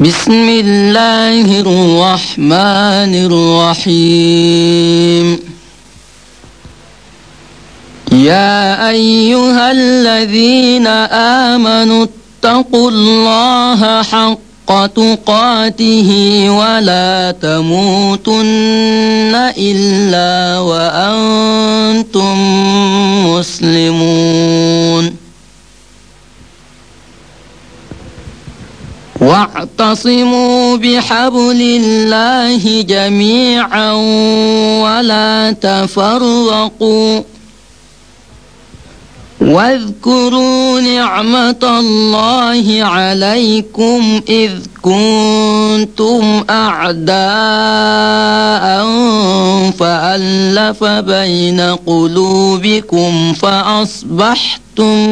بسم الله الرحمن الرحيم يا أيها الذين آمنوا اتقوا الله حق تقاته ولا تموتن إلا وأنتم مسلمون واعتصموا بحبل الله جميعا ولا تفرقوا واذكروا نعمة الله عليكم إذ كنتم كنتم أعداء فألف بين قلوبكم فأصبحتم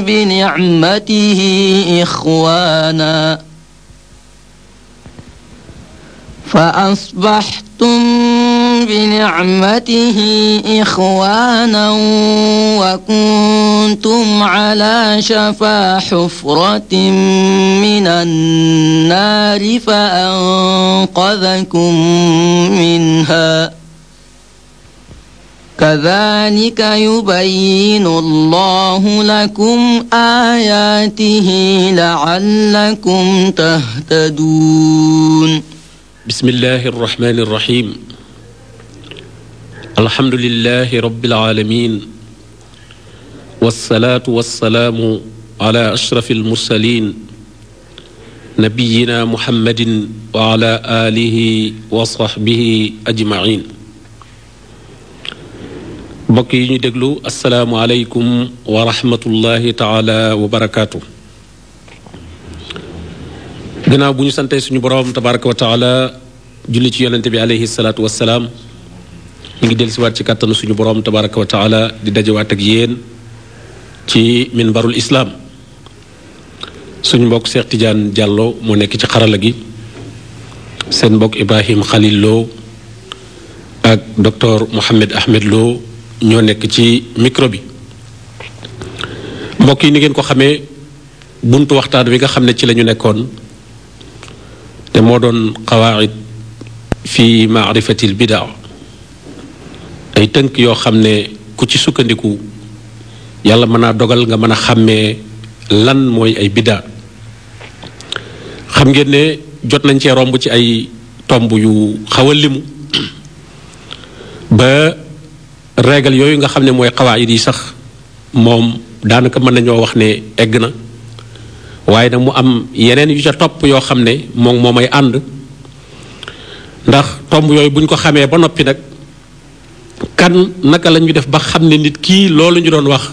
بنعمته إخوانا فأصبحتم بنعمته إخوانا وكنتم على شفا حفرة من النار فأنقذكم منها كذلك يبين الله لكم آياته لعلكم تهتدون بسم الله الرحمن الرحيم alhamdulilahi rabbil alamin wasalaatu wasalaamu ala ashrafi almursalin nabiyina muhammadin wa ala alihi wa sahbihi ajmain mbokk yi ñu déglu asalaamualeykum wa rahmatullahi taala wa barakaatu gannaaw bu ñu santee suñu boroom tabaraka wa taala julli ci yonente bi aleyhi salaatu wasalaam ñu ngi dellusiwaat ci kàttanu suñu borom tabaraka wa taala di dajewaat ak yéen ci minbarul islaam suñu mbokk Cheikh Tidiane Diallo moo nekk ci xarala gi seen mbokk Ibrahim Khalil Lo ak docteur Mohamed Ahmed Lo ñoo nekk ci micro bi mbokk yi ni ngeen ko xamee buntu waxtaan wi nga xam ne ci lañu nekkoon te moo doon qawaid fi maarifati al bidaa ay tënk yoo xam ne ku ci sukkandiku yàlla mën naa dogal nga mën a xàmmee lan mooy ay biddaa xam ngeen ne jot nañ cee romb ci ay tomb yu xaw a limu ba règle yooyu nga xam ne mooy xawaayit yi sax moom daanaka mën nañoo wax ne egg na waaye nag mu am yeneen yu ca topp yoo xam ne moom moo ànd ndax tomb yooyu buñ ko xamee ba noppi nag kan naka la ñu def ba xam ne nit kii loolu ñu doon wax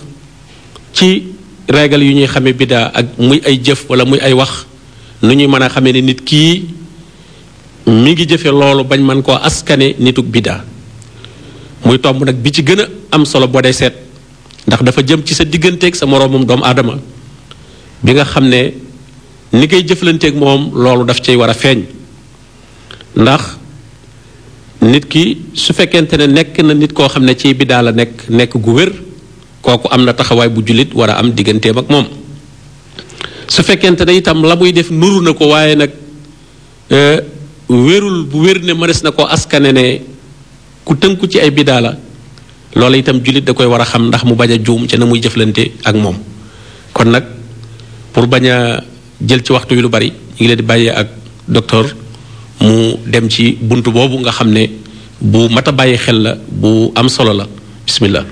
ci régal yu ñuy xamee biddaa ak muy ay jëf wala muy ay wax nu ñuy mën a xamee ne nit kii mi ngi jëfe loolu bañ man koo askane nituk biddaa muy tomb nag bi ci gën a am solo boo dee seet ndax dafa jëm ci sa digganteek sa moroomum doomu aadama bi nga xam ne ni ngay jëflanteek moom loolu daf cay war a feeñ ndax nit ki su fekkente ne nekk na nit koo xam ne ci bidaa la nekk nekk gu wér kooku am na taxawaay bu jullit war a am digganteem ak moom su fekkente ne itam la muy def nuru na ko waaye nag euh, wérul bu wér ne mënees na ko askane ne ku tënku ci ay bidaa la loola itam jullit da koy war a xam ndax mu bañ a juum ca na muy jëflante ak moom kon nag pour bañ a jël ci waxtu wi lu bari ñu ngi leen di bàyyee ak docteur mu dem ci bunt boobu nga xam ne bu mat a bàyyi xel la bu am solo la bismillah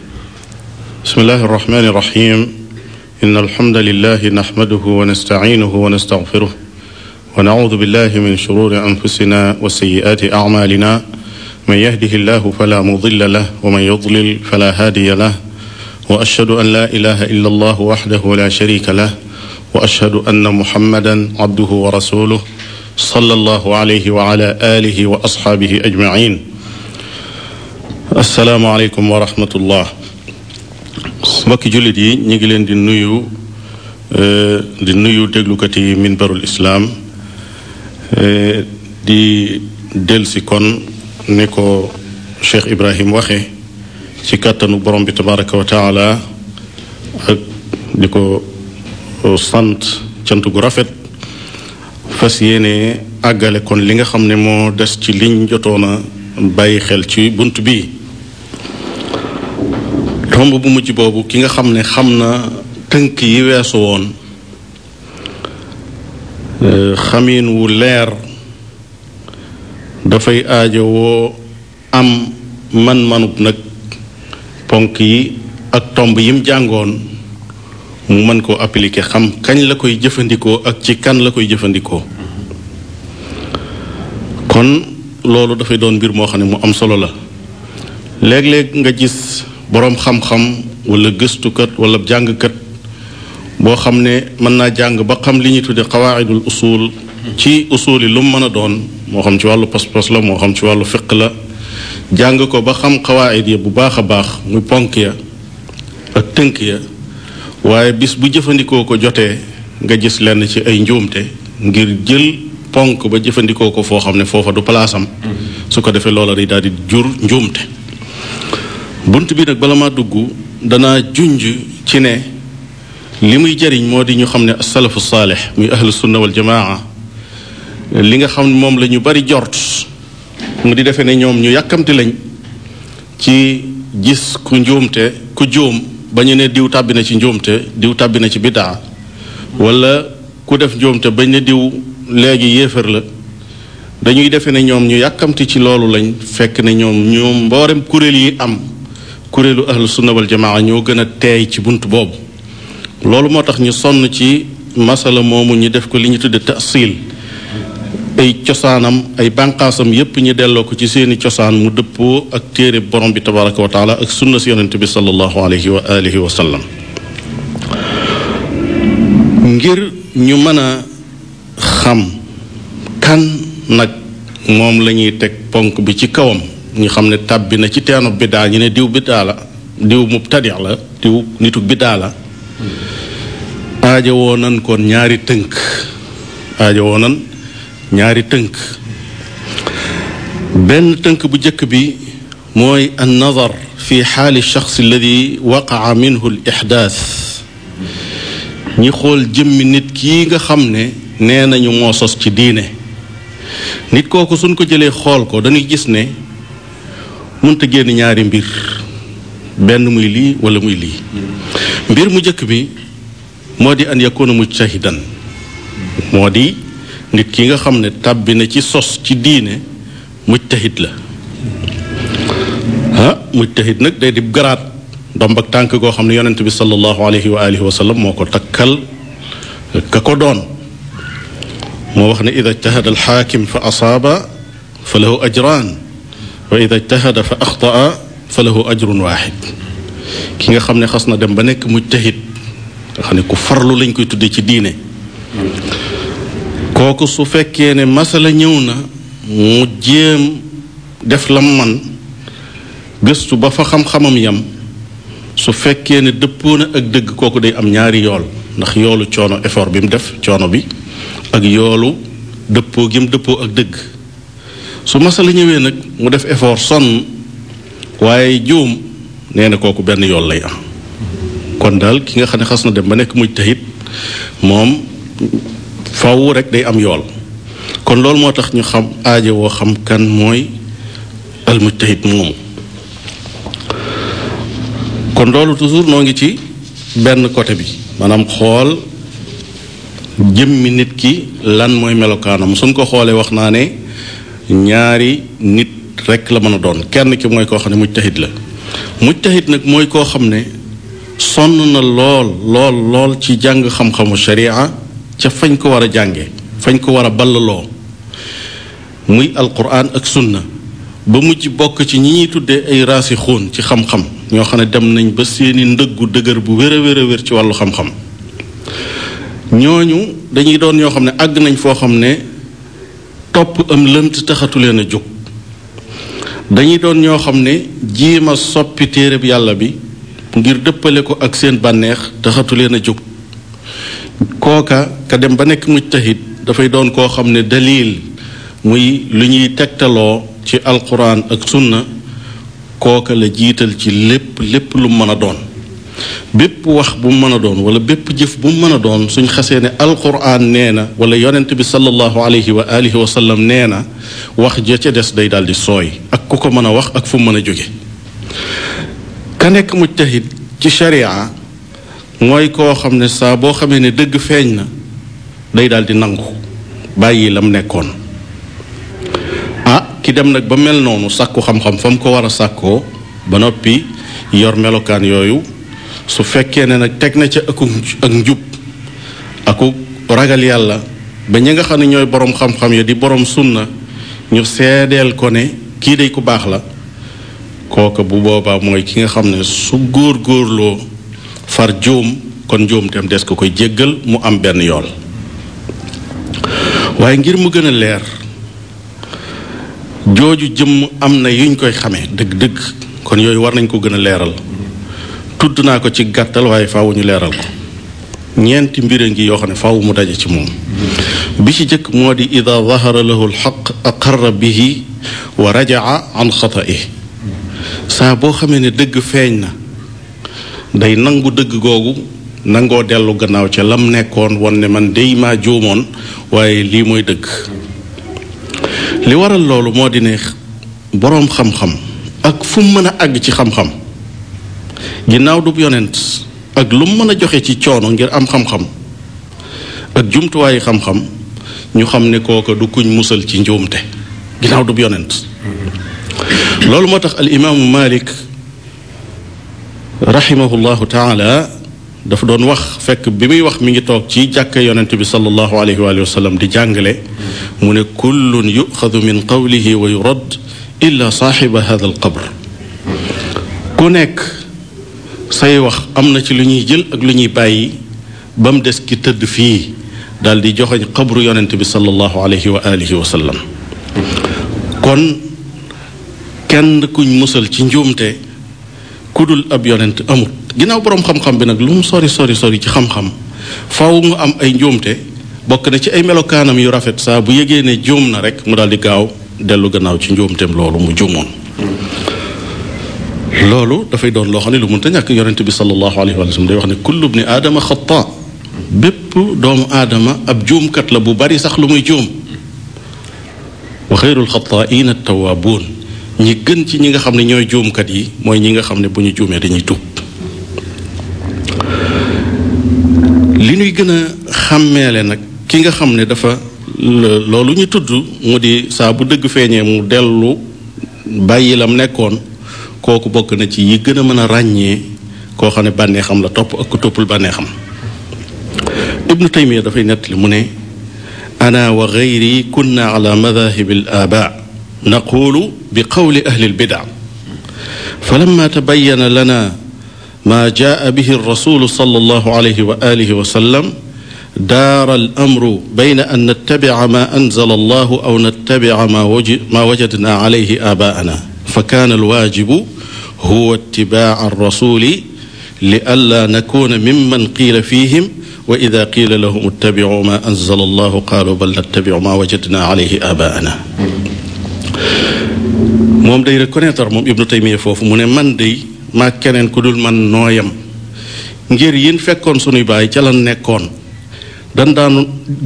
bismillahi arrahmani irrahim in alhamda lillahi naxmaduhu wa nastaciinuhu wa nastaxfiruh wa nacuudu billahi min shururi anfusina wa sayyiaati acmaalina man yahdihi llahu fala mudilla lah wa man yudlil fala haadiya lah wa ashhadu an la ilaha illa allah waxdahu la sharika lah wa ashhadu anna muhammadan cabduhu wa rasuluh sallallahu alayhi wa ala alihi wa asxaabihi ajmain assalaamu aleykum wa rahmatullah mbokki jullit yi ñu ngi leen di nuyu eh, di nuyu déglukat yi minbarul islaam eh, di delsi kon ni ko cheikh ibrahim waxe ci kàttanu borom bi tabaraka wa taala ak di ko eh, sant cant gu rafet fas yéene àggale kon li nga xam ne moo des ci liñ jotoona bàyyi xel ci bunt bi tomb bu mujj boobu ki nga xam ne xam na tënk yi weesu woon euh, xamiin wu leer dafay aajo woo am man-manub nag ponk yi ak tomb yim jàngoon mu mën koo appliquer xam kañ la koy jëfandikoo ak ci kan la koy jëfandikoo kon loolu dafay doon mbir moo xam ne mu am solo la léeg-léeg nga gis boroom xam-xam wala gëstukat wala jàngkat boo xam ne mën naa jàng ba xam li ñuy tudde xawaaidul usul ci usul yi lu mën a doon moo xam ci wàllu pas la moo xam ci wàllu fiq la jàng ko ba xam xawaayid ya bu baax a baax muy ponk ya ak tënk ya waaye bis bu jëfandikoo ko jotee nga gis lenn ci ay njuumte ngir jël ponk ba jëfandikoo ko foo xam ne foofa du palaasam mm-hmm. su ko defee loola day daal di jur njuumte bunt bi nag bala maa dugg danaa junj ci ne li muy jariñ moo di ñu xam ne asalafu saalix muy ahlu sunna wal li nga xam moom la ñu bari jort mu di defee ne ñoom ñu yàkkamti lañ ci gis ku njuumte ku juum ba ñu ne diw tàbbi na ci njuumte diw tàbbi na ci bidaa wala ku def njuumte bañ ne diw léegi yéefar la dañuy defe ne ñoom ñu yàkkamti ci loolu lañ fekk ne ñoom ñoom mboolem kuréel yi am kuréelu ahlu sunna jamaa ñoo gën a teey ci bunt boobu loolu moo tax ñu sonn ci masala moomu ñu def ko li ñu tudde tasil ay cosaanam ay bànqaasam yépp ñu delloo ko ci seeni cosaan mu dëppoo ak téere borom bi tabaraka wa ak sunna si yonent bi sallallahu alayhi wa alihi ngir ñu mën a xam kan nag moom la ñuy teg ponk bi ci kawam ñu xam ne tàbbi na ci teenu biddaa ñu ne diw biddaa la diw mubtadi la diw nitu biddaa la aajowoo nan kon ñaari tënk aajowoo nan ñaari tënk benn tënk bu jëkk bi mooy an nazar fi xaali shaxs alladi waqaa minhu al ixdaas ñi xool jëmmi nit ki nga xam ne nee nañu moo sos ci diine nit kooku suñ ko jëlee xool ko dañuy gis ne mënta génn ñaari mbir benn muy lii wala muy lii mbir mu jëkk bi moo di an yakuna mujtahidan moo di nit ki nga xam ne tàbbi na ci sos ci diine mujtahid la ah mujtahid nag day dib garaat ndomb ak tànk goo xam ne yonent bi sallallahu alayhi wa alihi wa moo ko takkal ka ko doon moo wax ne ida ijtahada alxaakim fa asaaba fa lahu ajraan wa ida ijtahada fa axtaa fa lahu ajrun waaxid ki nga xam ne xas na dem ba nekk mujtahid nga xam ne ku farlu lañ koy tuddee ci diine kooku su fekkee ne masala ñëw na mu jéem def lam man gëstu ba fa xam-xamam yam su fekkee ne dëppoo na ak dëgg kooku day am ñaari yool ndax yoolu coono effort bi mu def coono bi ak yoolu dëppoo gi mu dëppoo ak dëgg su masala ñëwee nag mu def efoor sonn waaye juum nee na kooku benn yool lay am kon daal ki nga xam ne xas na dem ba nekk mujtahid moom faaw rek day am yool kon loolu moo tax ñu xam aajo woo xam kan mooy almujtahid moomu kon loolu toujours noo ngi ci benn côté bi maanaam xool jëmmi nit ki lan mooy melokaanam suñ ko xoolee wax naa ne ñaari nit rek la mën a doon kenn ki mooy koo xam ne mujtahid la mujtahid nag mooy koo xam ne sonn na lool lool lool ci jàng xam-xamu sharia ca fañ ko war a jànge fañ ko war a ballaloo muy alquran ak sunna ba mujj bokk ci ñi ñuy tuddee ay raasi xóon ci xam-xam ñoo xam ne dem nañ ba seeni ndëggu dëgër bu wér a wér ci wàllu xam-xam ñooñu dañuy doon ñoo xam ne àgg nañ foo xam ne topp am lënt taxatu leen a jóg dañuy doon ñoo xam ne jéem a soppi téereb yàlla bi ngir dëppale ko ak seen bànneex taxatu leen a jóg kooka ka dem ba nekk mujtahid dafay doon koo xam ne daliil muy lu ñuy tegtaloo ci alxuraan ak sunna kooka la jiital ci lépp lépp lu mën a doon bépp wax bu mën a doon wala bépp jëf bu mën a doon suñ xasee ne alquran nee na wala yonent bi sallallahu alayhi nee na wax ja ca des day daldi sooy ak ku ko mën a wax ak fu mën a jóge ka nekk mujtahid ci sharia mooy koo xam ne saa boo xamee ne dëgg feeñ na day daal di nangu bàyyi lam nekkoon a ah, ki dem nag ba mel noonu sàkku xam-xam fa mu ko war a sàkkoo ba noppi yor melokaan yooyu su fekkee ne nag teg na ca aku ak njub aku ragal yàlla ba ñi nga xam ne ñooy boroom xam-xam ya di boroom sunna ñu seedeel ko ne kii day ku baax la kooka bu boobaa mooy ki nga xam ne su góor góorloo far juum kon njuum tam des ko koy jéggal mu am benn yoon waaye ngir mu gën a leer jooju jëmm am na yuñ koy xamee dëgg-dëgg kon yooyu war nañ ko gën a leeral tudd naa ko ci gàttal waaye faaw ñu leeral ko ñeenti mbir a yoo xam ne faaw mu daje ci moom bi ci jëkk moo di ida dahara lahu lxaq aqarra bihi wa rajaa an xataihi saa boo xamee ne dëgg feeñ na day nangu dëgg googu nangoo dellu gannaaw ca lam nekkoon won ne man dey maa juumoon waaye lii mooy dëgg li waral loolu moo di ne boroom xam-xam ak fu mu mën a àgg ci xam-xam ginnaaw du yonent ak lu mu mën a joxe ci coono ngir am xam-xam ak jumtuwaayu xam-xam ñu xam ne kooka du kuñ musal ci njuumte ginnaaw du yonent mm-hmm. loolu moo tax al imaamu Malik rahimahullahu taala dafa doon wax fekk bi muy wax mi ngi toog ci jàkka yonent bi sallallahu alayhi wa sallam di jàngale mu ne kullun yuxadu min qawlihi wa yurad illa saaxiba hada al nekk say wax am na ci lu ñuy jël ak lu ñuy bàyyi ba mu des ki tëdd fii daal di joxoñ xabru yonent bi sallallahu alayhi wa alihi wa kon kenn kuñ musal ci njuumte ku dul ab yonent amut ginnaaw boroom xam-xam bi nag lu mu sori sori sori ci xam-xam faaw mu am ay njuumte bokk na ci ay melokaanam yu rafet sax bu yégee ne juum na rek mu daal di gaaw dellu gannaaw ci njuumteem loolu mu juumoon loolu dafay doon loo xam ne lu mënta ñàkk yonent bi sallallahu alayhi wa sallam day ne kullu bni aadama xataa bépp doomu aadama ab juumkat la bu bari sax lu muy juum wa xayrul xataa'iina at-tawwaabuun ñi gën ci ñi nga xam ne ñooy juumkat yi mooy ñi nga xam ne bu ñu juumee dañuy tuub li ñuy gën a xàmmeele nag ki nga xam ne dafa loolu ñu tudd mu di saabu bu dëgg feeñee mu dellu bàyyi lam nekkoon kooku bokk na ci ñi gën a mën a ràññee koo xam ne bànneexam la topp ak toppul bànneexam ibnu taymiya dafay nettali mu ne ana wa gayri kunna ala نقول بقول أهل البدع فلما تبين لنا ما جاء به الرسول صلى الله عليه وآله وسلم دار الأمر بين أن نتبع ما أنزل الله أو نتبع ما, ما وجدنا عليه آباءنا فكان الواجب هو اتباع الرسول لئلا نكون ممن قيل فيهم وإذا قيل لهم اتبعوا ما أنزل الله قالوا بل نتبع ما وجدنا عليه آباءنا moom day reconnaître moom ibnu taymiya foofu mu ne man day maa keneen ku dul man nooyam ngir yin fekkoon sunuy baay ca lan nekkoon dan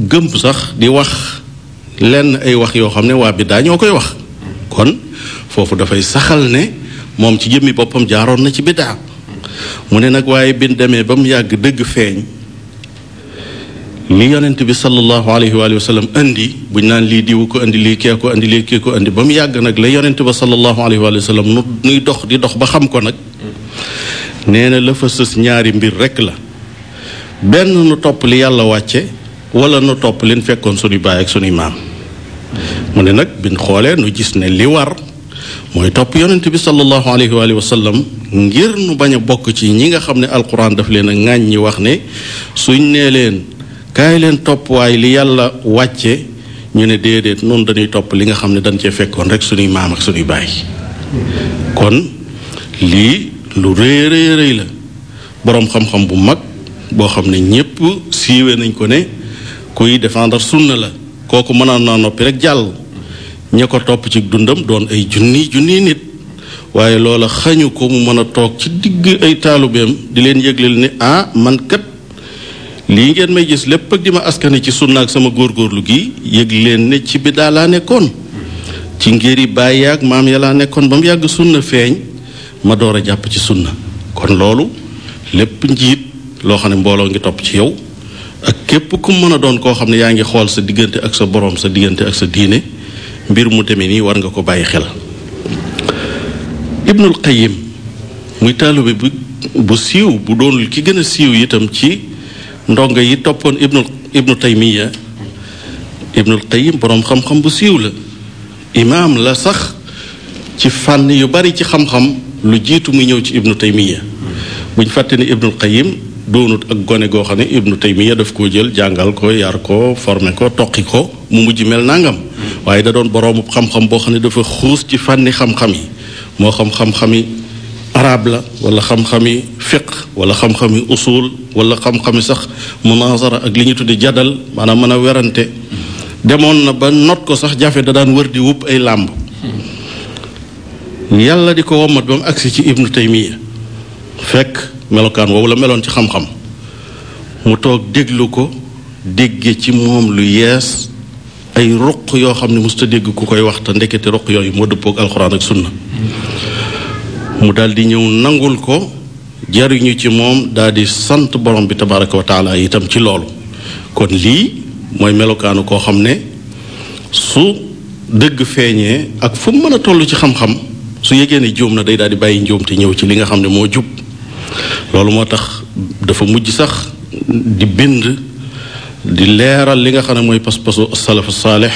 gëm sax di wax lenn ay wax yoo xam ne waa bi daa ñoo koy wax kon foofu dafay saxal ne moom ci jëmmi boppam jaaroon na ci biddaa mu ne nag waaye bin demee ba mu yàgg dëgg feeñ li yonent bi sallallahu alayhi wa indi bu ñu naan lii diwu ko andi lii kee ko andi ba mu yàgg nag la yonent ba sallallahu alayhi wa sallam nu nuy dox di dox ba xam ko nag na la ñaari mbir rekk la benn nu topp li yàlla wàcce wala nu topp leen fekkoon suñuy baay ak suñuy ne nag biñ xoolee nu gis ne li war mooy topp yonent bi sallallahu alayhi wa sallam ngir nu bañ a bokk ci ñi nga xam ne alquran daf leen a ŋàññi wax ne suñ nee leen kaay leen topp waaye li yàlla wàcce ñu ne déedéet noonu dañuy topp li nga xam ne dañ cee fekkoon rek suñuy maam ak suñuy baay kon lii lu rëy rëy rëy la boroom xam-xam bu mag boo xam ne ñépp siiwee nañ ko ne kuy défendre sunna la kooku mënoon naa noppi rek jàll ña ko topp ci dundam doon ay junni junni nit waaye loola xañu ko mu mën a toog ci digg ay taalubeem di leen yëgleel ne ah man kat lii ngeen may gis lépp ak di ma askane ci sunna ak sama góorgóorlu gi yëg leen ne ci bi daa laa nekkoon ci ngéri bàyyi ak maam ya laa nekkoon ba mu yàgg sunna feeñ ma door a jàpp ci sunna kon loolu lépp njiit loo xam ne mbooloo ngi topp ci yow ak képp ku mën a doon koo xam ne yaa ngi xool sa diggante ak sa boroom sa diggante ak sa diine mbir mu demee nii war nga ko bàyyi xel ibnul qayim muy taalibe bu siiw bu doonul ki gën a siiw yitam ci ndongo yi toppoon ibnu ibnu taymiya ibnul qayyim boroom xam-xam bu siiw la imaam la sax ci fànn yu bari ci xam-xam lu jiitu mu ñëw ci ibnu taymiya buñ fàtte ni ibnul qayyim doonut ak gone goo xam ne ibnu taymiya daf koo jël jàngal ko yar ko formé ko toqi ko mu mujj mel nangam waaye da doon boroomu xam-xam boo xam ne dafa xuus ci fànni xam-xam yi moo xam xam-xami arab la wala xam yi fiq wala xam yi usul wala xam-xami sax munazara ak li ñu tudde jadal maanaam mën a werante demoon na ba not ko sax jafe da daan wër di wupp ay làmb yàlla di ko wommat ba mu agsi ci ibnu taymiya fekk melokaan woowu meloon ci xam-xam mu toog déglu ko dégge ci moom lu yees ay ruq yoo xam ne musta dégg ku koy wax te ndekete ruq yooyu moo dëppoog alxuraan ak sunna mu daldi ñëw nangul ko jariñu ci moom di sant borom bi tabaraka wa taala itam ci loolu kon lii mooy melokaanu koo xam ne su dëgg feeñee ak fu mën a toll ci xam-xam su yegee ne juum na day di bàyyi njuum te ñëw ci li nga xam ne moo jub loolu moo tax dafa mujj sax di bind di leeral li nga xam ne mooy pas-pasu salafu saalix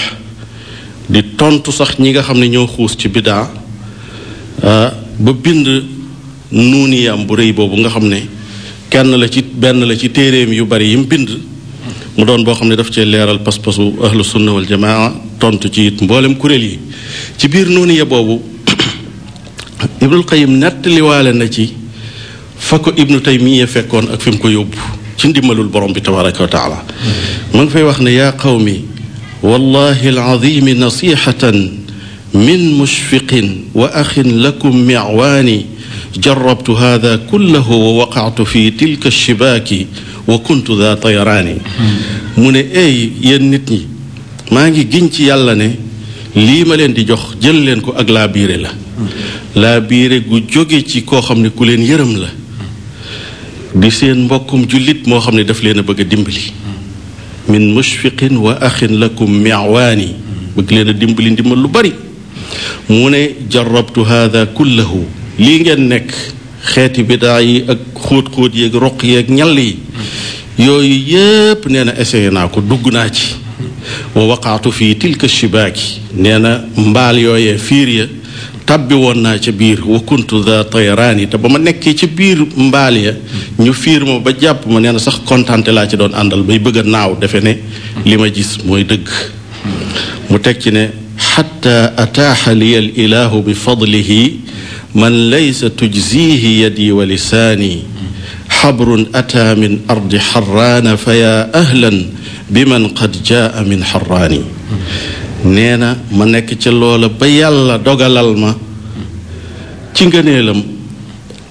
di tontu sax ñi nga xam ne ñoo xuus ci bidaa ah, ba bind nuuniyam bu rëy boobu nga xam ne kenn la ci benn la ci téeréem yu bari yi mu bind mu doon boo xam ne daf cee leeral pas-pasu ahlu sunna wal jamaa tontu ci it mboolem kuréel yi ci biir nuuniya boobu ibnul qayim nettaliwaale na ci fa ko ibnu taymiya fekkoon ak fi ko yóbbu ci ndimbalul borom bi tabaraka wa taala mm-hmm. ma ngi fay wax ne yaa qawmi wallahi alazimi nasihatan min mushfiqin wa axin lakum micwaani jarabtu hada kullahu wa waqaatu fi tilka shibaaki wa kuntu daa tayaraani mu ne eey yéen nit ñi maa ngi giñ ci yàlla ne lii ma leen di jox jël leen ko ak laa la laa biire gu jóge ci koo xam ne ku leen yërëm la di seen mbokkum jullit moo xam ne daf leen a bëgg a dimbali min mushfiqin wa axin lakum micwaani bëgg leen dimbali ndimbal lu bari mu ne jarabtu hada kullahu lii ngeen nekk xeeti bidaa yi ak xóot-xóot yi ak roq yi ñal yi yooyu yépp nee na essayé naa ko dugg naa ci wa waqaatu fii tilk tilka shibaaki nee na mbaal yooyee fiir ya tàbbi woon naa ca biir wa kuntu te ba ma nekkee ca biir mbaal ya ñu fiir ma ba jàpp ma nee sax kontante laa ci doon àndal bay bëgg a naaw defe ne li ma gis mooy dëgg mu teg ci ne xatta ataaxa liya alilaahu bi fadlihi man laysa tujziihi yadi wa lisaani xabrun ataa min ardi xaraana fa yaa ahlan bi man qad jaa min xaraani nee na ma nekk ca loola ba yàlla dogalal ma ci ngëneelam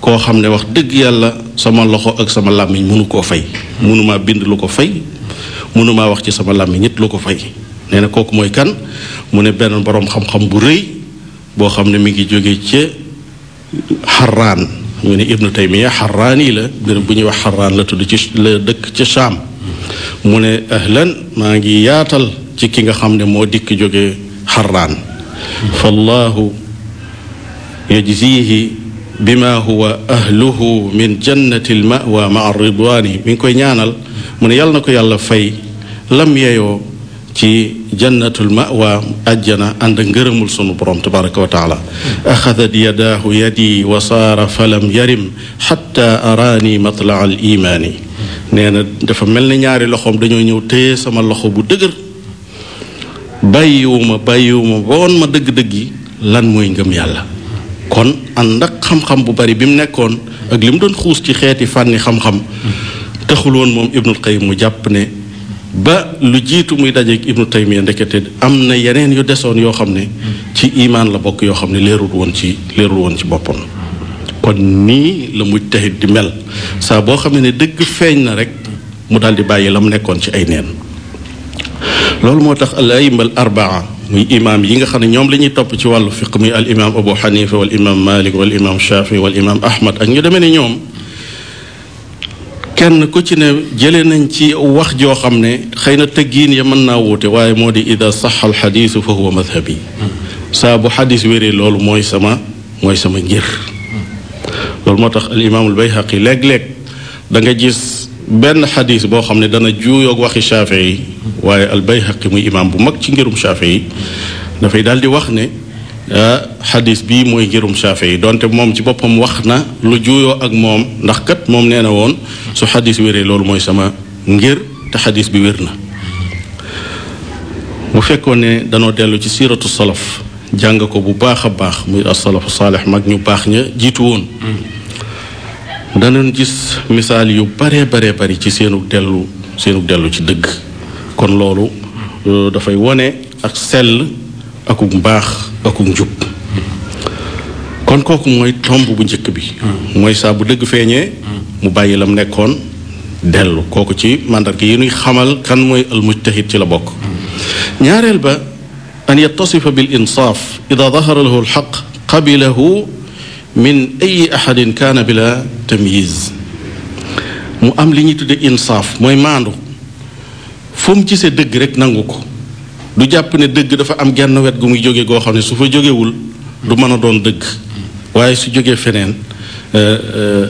koo xam ne wax dëgg yàlla sama loxo ak sama làmmiñ mënu koo fay mënumaa bind lu ko fay mënumaa wax ci sama làmmiñ it lu ko fay nee kooku mooy kan mu ne benn boroom xam-xam bu rëy boo xam ne mi ngi jóge ci xaraan mu ne ibnu taymiya yi la bu ñuy wax xaraan la tudd ci dëkk ca Shaam mu ne ahlan maa ngi yaatal ci ki nga xam ne moo dikk jóge xaraan fallahu yajzihi bima huwa ahluhu min jannati almawa maa ridwaani mi ngi koy ñaanal mu ne yàlla na ko yàlla fay lam yeyoo ci jannatul mawa ajjana ànd ngërëmul sunu borom tabaraka wa taala axadat yadaahu yadi wa saara falam yarim xatta araani matla al imaani dafa mel ni ñaari loxoom dañoo ñëw téye sama loxo bu dëgër bàyyiwuma bàyyiwuma boon ma dëgg-dëgg yi lan mooy ngëm yàlla kon ànd ak xam-xam bu bari bi mu nekkoon ak li mu doon xuus ci xeeti fànni xam-xam taxul woon moom ibnul qayim mu jàpp ne ba lu jiitu muy dajeeg ibnu taymiya ndekete am na yeneen yu desoon yoo xam ne ci imaan la bokk yoo xam ne leerul woon ci leerul woon ci boppam kon nii la mujtahid di mel saa boo xam ne dëgg feeñ na rek mu daal di bàyyi la mu nekkoon ci ay neen loolu moo tax al aima al arbaa muy imaam yi nga xam ne ñoom la ñuy topp ci wàllu fiq muy al imaam abu xanifa wal imaam malik wal imaam shafi ahmad ak ñu demee ne ñoom kenn ku ci ne jële nañ ci wax joo xam ne xëy na tëggiin ya mën naa wuute waaye moo di ida saxal xadiisu fa huwa madhabi saa bu xadis wéree loolu mooy sama mooy sama ngir loolu moo tax al imaamul bayhaqi léeg-léeg da nga gis benn xadis boo xam ne dana juuyoog waxi shaafi yi waaye al bayhaqi muy imaam bu mag ci ngirum shaafi yi dafay daal di wax ne xadis bii mooy ngirum shaafi yi donte moom ci boppam wax na lu juuyoo ak moom ndax kat moom nee na woon su xadis wéree loolu mooy sama ngir te xadis bi wér na bu fekkoon ne danoo dellu ci siiratu salaf jàng ko bu baax a baax muy asalafu saalex mag ñu baax ña jiitu woon danañ gis misaal yu bare bare bari ci seenu dellu seenu dellu ci dëgg kon loolu dafay wone ak sell akuk mbaax akuk njub kon kooku mooy tomb bu njëkk bi mooy saa bu dëgg feeñee mu bàyyi la mu nekkoon dellu kooku ci mandarga yi nuy xamal kan mooy almujtahid ci la bokk ñaareel ba an yattasifa bil insaaf ida dahara lahu alxaq qabilahu min ayi ahadin kaana bila mu am li ñuy tudde insaaf mooy maandu fu mu gisee dëgg rek nangu ko du jàpp ne dëgg dafa am genn wet gu muy jóge goo xam ne su fa jógewul du mën a doon dëgg waaye su jógee feneen euh, euh,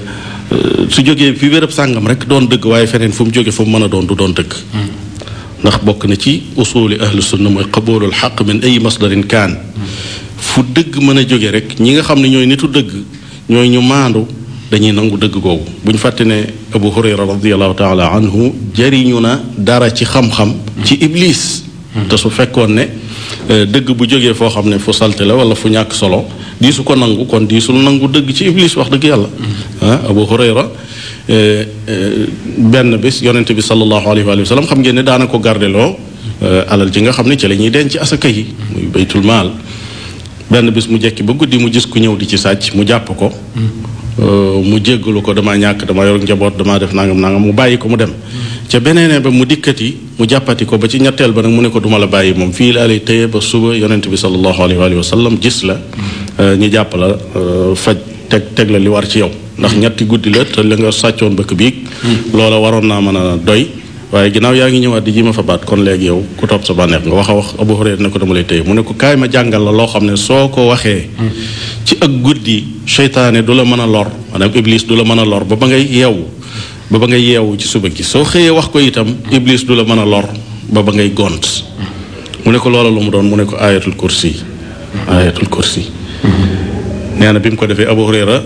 Euh, su jógee fi wérab sàngam rek doon dëgg waaye feneen fu jóge fu mu mën a doon du doon dëgg ndax bokk na ci usuli ahlu sunna mooy qabuulul xaq min ay masdarin kaan fu dëgg mën a jóge rek ñi nga xam ne ñooy nitu dëgg ñooy ñu maandu dañuy nangu dëgg googu bu ñu fàtte ne abu hurayra radiallahu taala anhu jariñu na dara ci xam-xam ci iblis hmm. te su fekkoon ne euh, dëgg bu jógee foo xam ne fu salte la wala fu ñàkk solo diisu ko nangu kon diisul nangu dëgg ci iblis wax dëgg yàlla mm-hmm. ah abu hurayra eh, eh, benn bis yonente bi sallallahu alayhi wa sallam xam ngeen ne daana gardeloo eh, alal ji nga xam ne ci la ñuy denc asaka yi mm-hmm. muy baytul maal benn bis mu jekki ba guddi mu gis ku ñëw di ci sàcc mu jàpp ko mm-hmm. mu jéggalu ko damaa ñàkk dama yor njaboot damaa def nangam nangam mu bàyyi ko mu dem ca beneenee ba mu dikkati mu jàppati ko ba ci ñetteel ba nag mu ne ko duma la bàyyi moom fii laa lay téye ba suba yonente bi sallallahu alayhi wa sallam gis la Euh, ñu jàpp la euh, faj teg teg la li war ci yow ndax mm-hmm. ñetti guddi la te li nga sàccoon bëkk biig mm-hmm. loola waroon naa mën a doy waaye ginnaaw yaa ngi ñëwaat di ji ma fa baat kon léegi yow ku topp sa bànneex nga wax a wax Abu Hurayra ne ko dama lay téye mu ne ko kaay ma jàngal la loo xam ne soo ko waxee mm-hmm. ci ak guddi seytaane du la mën a lor maanaam iblis du la mën a lor ba ba ngay yeewu ba ba ngay yeewu ci suba gi soo xëyee wax ko itam iblis du la mën a lor ba ba ngay gont mu ne ko loola lu mu doon mu ne ko ayatul kursi ayatul nee na bi mu ko defee Abu Hurayra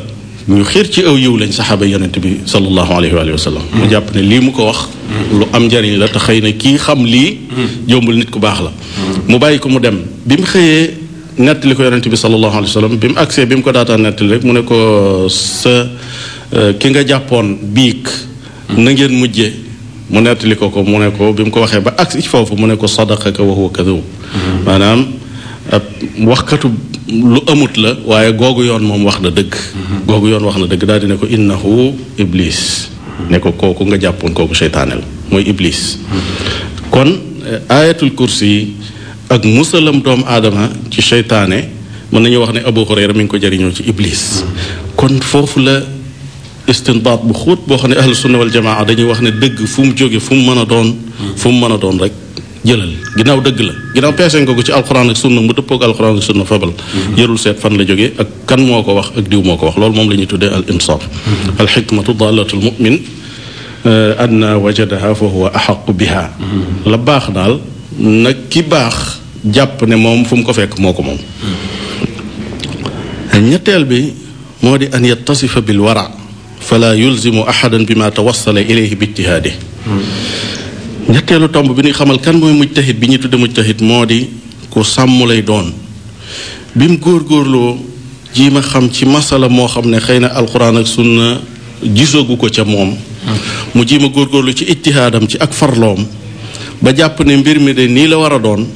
ñu xiir ci aw yiw lañ saxaaba yonent bi sallallahu alayhi wa sallam mu jàpp ne lii mu ko wax lu am njariñ la te xëy na kii xam lii yombul nit ku baax la mu bàyyi ko mu dem bi mu xëyee nettali ko yonent bi sallallahu alayhi wa sallam bi mu agsee bi mu ko daataan nettali rek mu ne ko sa euh, ki nga jàppoon biig na ngeen mujje mu nettali ko ko mu ne ko bi mu ko waxee ba agsi ci foofu mu ne ko sadaqaka wa huwa maanaam ab waxkatu lu amut la waaye googu yoon moom wax na dëgg mhm. googu yoon wax na dëgg daal di ne ko innahu iblis ne ko kooku nga jàppoon kooku seytaane la mooy iblis mhm. kon eh, ayatul kursi yi ak musalam doomu aadama ci seytaane mën nañu wax ne abu hurayra mi ngi ko jariñoo ci iblis mhm. kon foofu la istinbaat bu xóot boo xam ne ahlu sunna wal jamaa dañuy wax ne dëgg fu mu jóge fu mu mën a doon fu mu mën a doon rek jëlal ginnaaw dëgg la ginnaaw peese nga ko ci alxuraan ak sunna mu dëppoog alxuraan ak sunna fabal jërul seet fan la jógee ak kan moo ko wax ak diw moo ko wax loolu moom la ñuy tuddee al insaaf mm-hmm. al xikmatu daalatul mumin eh, adna wajadaha fa huwa axaqu biha mm-hmm. la baax daal nag ki baax jàpp ne moom fu mu ko fekk moo ko moom mm-hmm. ñetteel bi moo di an yattasifa bil wara fala yulzimu axadan bima tawassala ilayhi bi ijtihaadi ñetteelu tomb bi ñuy xamal kan mooy taxit bi ñu ñuy tudde mujtahid moo di ku sàmm lay doon bi mu góor góorloo jii ma xam ci masala moo xam ne xëy na alxuraan ak sunna ko ca moom mu jii ma góorgóorlu ci ittihaadam ci ak farloom ba jàpp ne mbir mi de nii la war a doon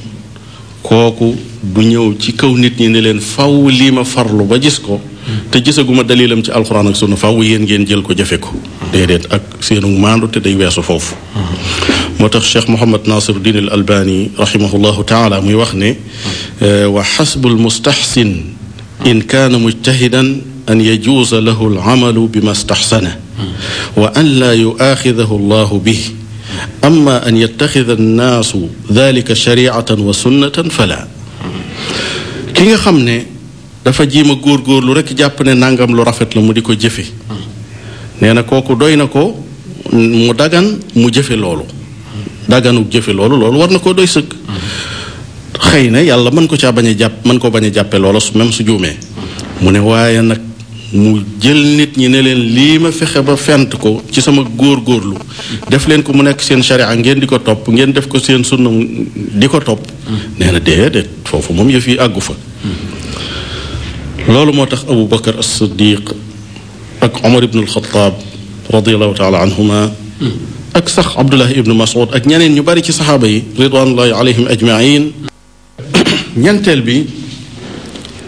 kooku du ñëw ci kaw nit ñi ne leen faw lii ma farlu ba gis ko te gisaguma dalilam ci alxuraan ak sunna faw yéen ngeen jël ko jafe ko déedéet ak seenu maandu te day weesu foofu moo tax cheikh mohamad nasir din al albani rahimahullahu taala muy wax ne euh, wa xasbu almustaxsin in kaana mujtahidan an yajuusa lahu alamalu bima staxsana wa an laa yuaaxidahu allahu bih amma an yattaxida annaasu dalika shariatan wa sunnatan fala ki nga xam ne dafa jiim a góorgóorlu rekk jàpp ne nangam lu rafet la mu di ko jëfe nee na kooku doy na ko mu dagan mu jëfe loolu daganu jëfe loolu loolu war na koo doy sëkk xëy na yàlla mën ko caa bañ a jàpp man koo bañ a jàppe loola su même su juumee mu ne waaye nag mu jël nit ñi ne leen lii ma fexe ba fent ko ci sama góor góorlu def leen ko mu nekk seen sharia ngeen di ko topp ngeen def ko seen sunna di ko topp nee na déedéet foofu moom yëf yi àggu fa loolu moo tax abu bakar as siddiq ak omar ibn al xataab radiallahu taala anhuma ak sax abdullah ibnu mas'ud ak ñeneen ñu bari ci saxaaba yi ridwanullahi alayhim ajmain ñenteel bi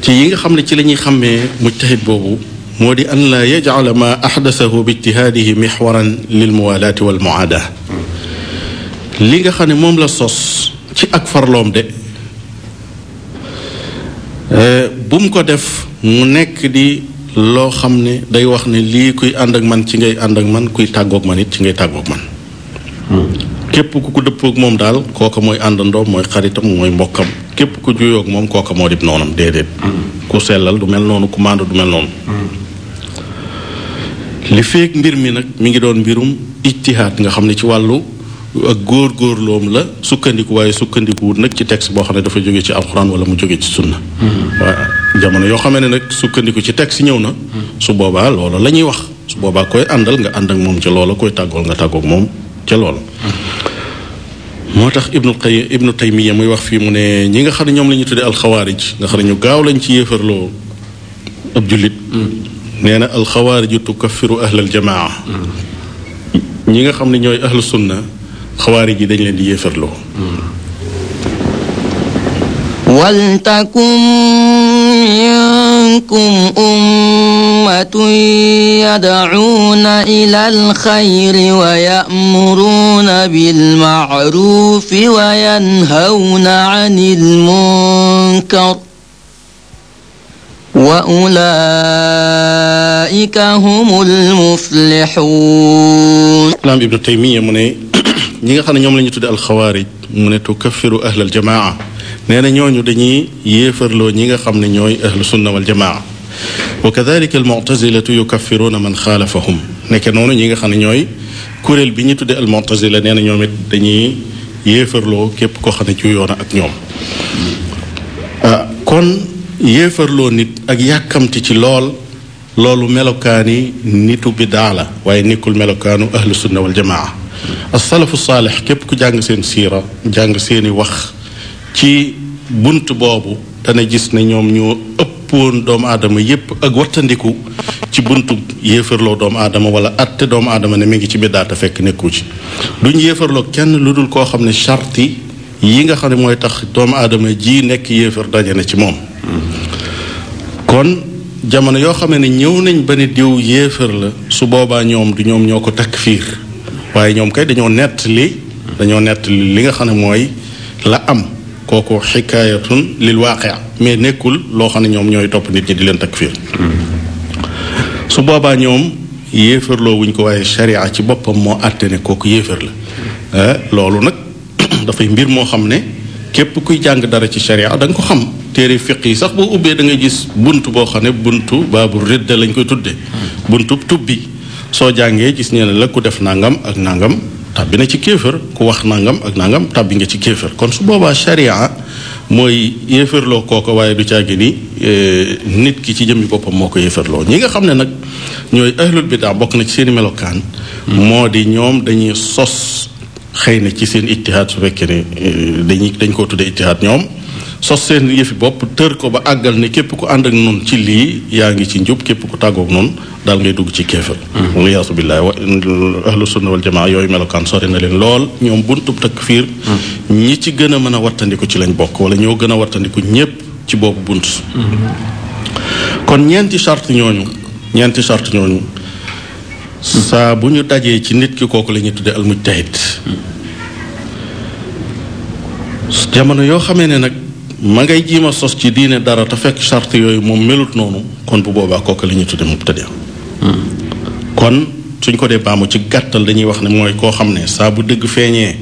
ci yi nga xam ne ci la ñuy xàmmee mujtahid boobu moo di an laa yajcala maa axdasahu bi ijtihaadihi nga xam ne moom la sos ci ak farloom de eh, bu mu ko def mu nekk di loo xam ne day wax ne lii kuy ànd ak man ci ngay ànd ak man kuy tàggook man it ci ngay tàggoog man képp ku ku dëppook moom daal kooka mooy àndandoom mooy xaritam mooy mbokkam képp ku juyoog moom kooka moo dib noonam déedéet ku sellal du mel noonu ku màndu du mel noonu li feek mbir mi nag mu ngi doon mbirum ijtihaad nga xam ne ci wàllu ak góor góorloom la sukkandiku waaye sukkandikuwut nag ci texte boo xam ne dafa jóge ci alxuraan wala mu jóge ci sunna waaw jamono yoo xamee ne nag sukkandiku ci texte ñëw na su boobaa loola la ñuy wax su boobaa koy àndal nga ànd ak moom ci loola koy tàggool nga tàggoog moom ca lool moo tax ibnu qayyim ibnu taymiya muy wax fii mu ne ñi nga xam ne ñoom la ñu tuddee alxawaarij nga xam ne ñu gaaw lañ ci yéefarloo ab jullit nee na alxawaariju tukaffiru ahlal jamaa ñi nga xam ne ñooy ahlu sunna xawaarij yi dañ leen di yéefarloo أمة يدعون إلى الخير ويأمرون بالمعروف وينهون عن المنكر وأولئك هم المفلحون الإمام ابن تيمية mu ne ñi nga xam ne ñoom la ñu tudde alxawaarij mu ne tukaffiru ahlal jamaa nee na ñooñu dañuy yéefarloo ñi nga xam ne ñooy ahlu sunna wal jamaa wa kadalika almuctasilatu yukaffiruuna man xaalafahum nekke noonu ñi nga xam ne ñooy kuréel bi ñu tuddee almuctasila nee na ñoom it dañuy yéefarloo képp koo xam ne ci yoon ak ñoom ah, kon nit ak yàkkamti ci lool loolu melokaani nitu bi daala waaye nekkul melokaanu ahlu sunna wal jamaa asalafu saalix képp ku jàng seen siira jàng seeni wax ci bunt boobu dana gis ne ñoom ñoo ëpp ëppoon doomu aadama yépp ak wattandiku ci buntu yéefarloo doomu aadama wala te doomu aadama ne mi ngi ci biddaata fekk nekku ci duñ yéefarloo kenn lu dul koo xam ne charti yi nga xam ne mooy tax doomu aadama ji nekk yéefar daje na ci moom kon jamono yoo xam ne ñëw nañ ba ne diw yéefar la su boobaa ñoom du ñoom ñoo ko takfiir waaye ñoom kay dañoo nett li dañoo nett li li nga xam ne mooy la am kooku xikaayatun lil waaqia mais nekkul loo xam ne ñoom ñooy topp nit ñi di leen takfir su boobaa ñoom yéefarloo wuñ ko waaye sharia ci boppam moo àtte ne kooku yéefar la eh, loolu nag dafay mbir moo xam ne képp kuy jàng dara ci sharia da nga ko xam téere fiq yi sax boo ubbee da ngay gis bunt boo xam ne buntu baabu ridda lañ koy tudde hmm. buntu tubbi soo jàngee gis nee ne la ku def nangam ak nangam tàbbi na ci kéefër ku wax nangam ak nangam tàbbi nga ci kéefër kon su boobaa sharia mooy yéefarloo kooka waaye du caagi ni e, nit ki ci jëmmi boppam moo ko yéefarloo ñi nga xam ne nag ñooy bi daa bokk na ci seen melokaan moo di ñoom dañuy sos xëy na ci seen ittihaad su fekkee ne e, dañuy dañ koo tudde ittihaad ñoom sos seen yëfi bopp tër ko ba àggal ne képp ku ànd ak noonu ci lii yaa ngi ci njub képp ku tàggoog noonu daal ngay dugg ci kéefal hmm. wala yaasu billaah wa ahlu jamaa yooyu melokaan sori na leen lool ñoom buntu buntub takfiir hmm. ñi ci gën a mën a wattandiku ci lañ bokk wala ñoo gën a wattandiku ñépp ci boobu bunt hmm. kon ñeenti charte ñooñu ñeenti bu ñu dajee ci nit ki kooku la ñuy tuddee almujtahid jamono yoo xamee ne nag ma ngay jiima sos ci diine dara te fekk charte yooyu moom melut noonu kon bu boobaa kooku la ñuy tudde mubtadi kon suñ ko dee baamu ci gàttal dañuy wax ne mooy koo xam ne saa bu dëgg feeñee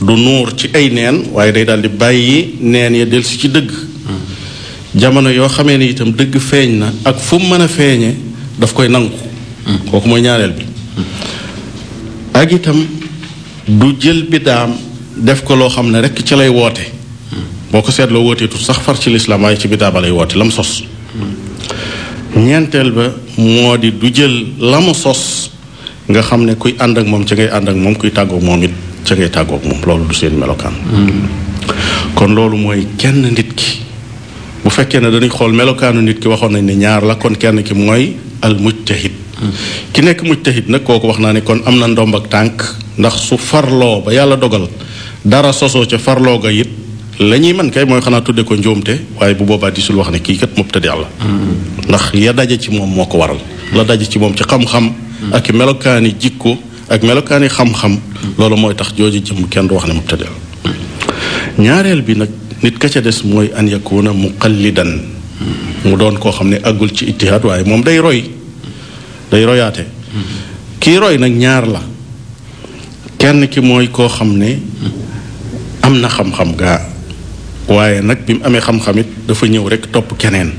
du nuur ci ay neen waaye day daal di bàyyi neen ya dellusi ci dëgg jamono yoo xamee ne itam dëgg feeñ na ak fu mu mën a feeñe daf koy nangu kooku mooy ñaareel bi ak itam du jël bidaam def ko loo xam ne rekk ci lay woote boo ko seetloo wooteetu sax far ci lislaam waaye ci biddaa ba lay woote la sos ñeenteel ba moo di du jël la sos nga xam ne kuy ànd ak moom ca ngay ànd ak moom kuy tàggoog moom it ca ngay tàggoog loolu du seen melokaan kon loolu mooy kenn nit ki bu fekkee ne dañuy xool melokaanu nit ki waxoon nañ ne ñaar la kon kenn ki mooy al mujtahid ki nekk mujtahid nag kooku wax naa ne kon am na ndomb ak tànk ndax su farloo ba yàlla dogal dara sosoo ca farloo ga it lañuy ñuy kay mooy xanaa tudde ko njuumte waaye bu boobaa disul wax ne kii kat mubtadi la mm-hmm. ndax ya daje ci moom moo ko waral la daje ci moom ci xam-xam mm-hmm. ak melokaani jikko ak melokaani xam-xam mm-hmm. loolu mooy tax jooju jëm kenn du wax ne mubtadi la ñaareel bi nag nit ka ca des mooy an yakuna muqallidan mu doon koo xam ne aggul ci ittihaad waaye moom day roy day royaate kii roy nag ñaar la kenn ki mooy koo xam ne am na xam-xam gaa waaye nag bi mu amee xam-xamit dafa ñëw rek topp keneen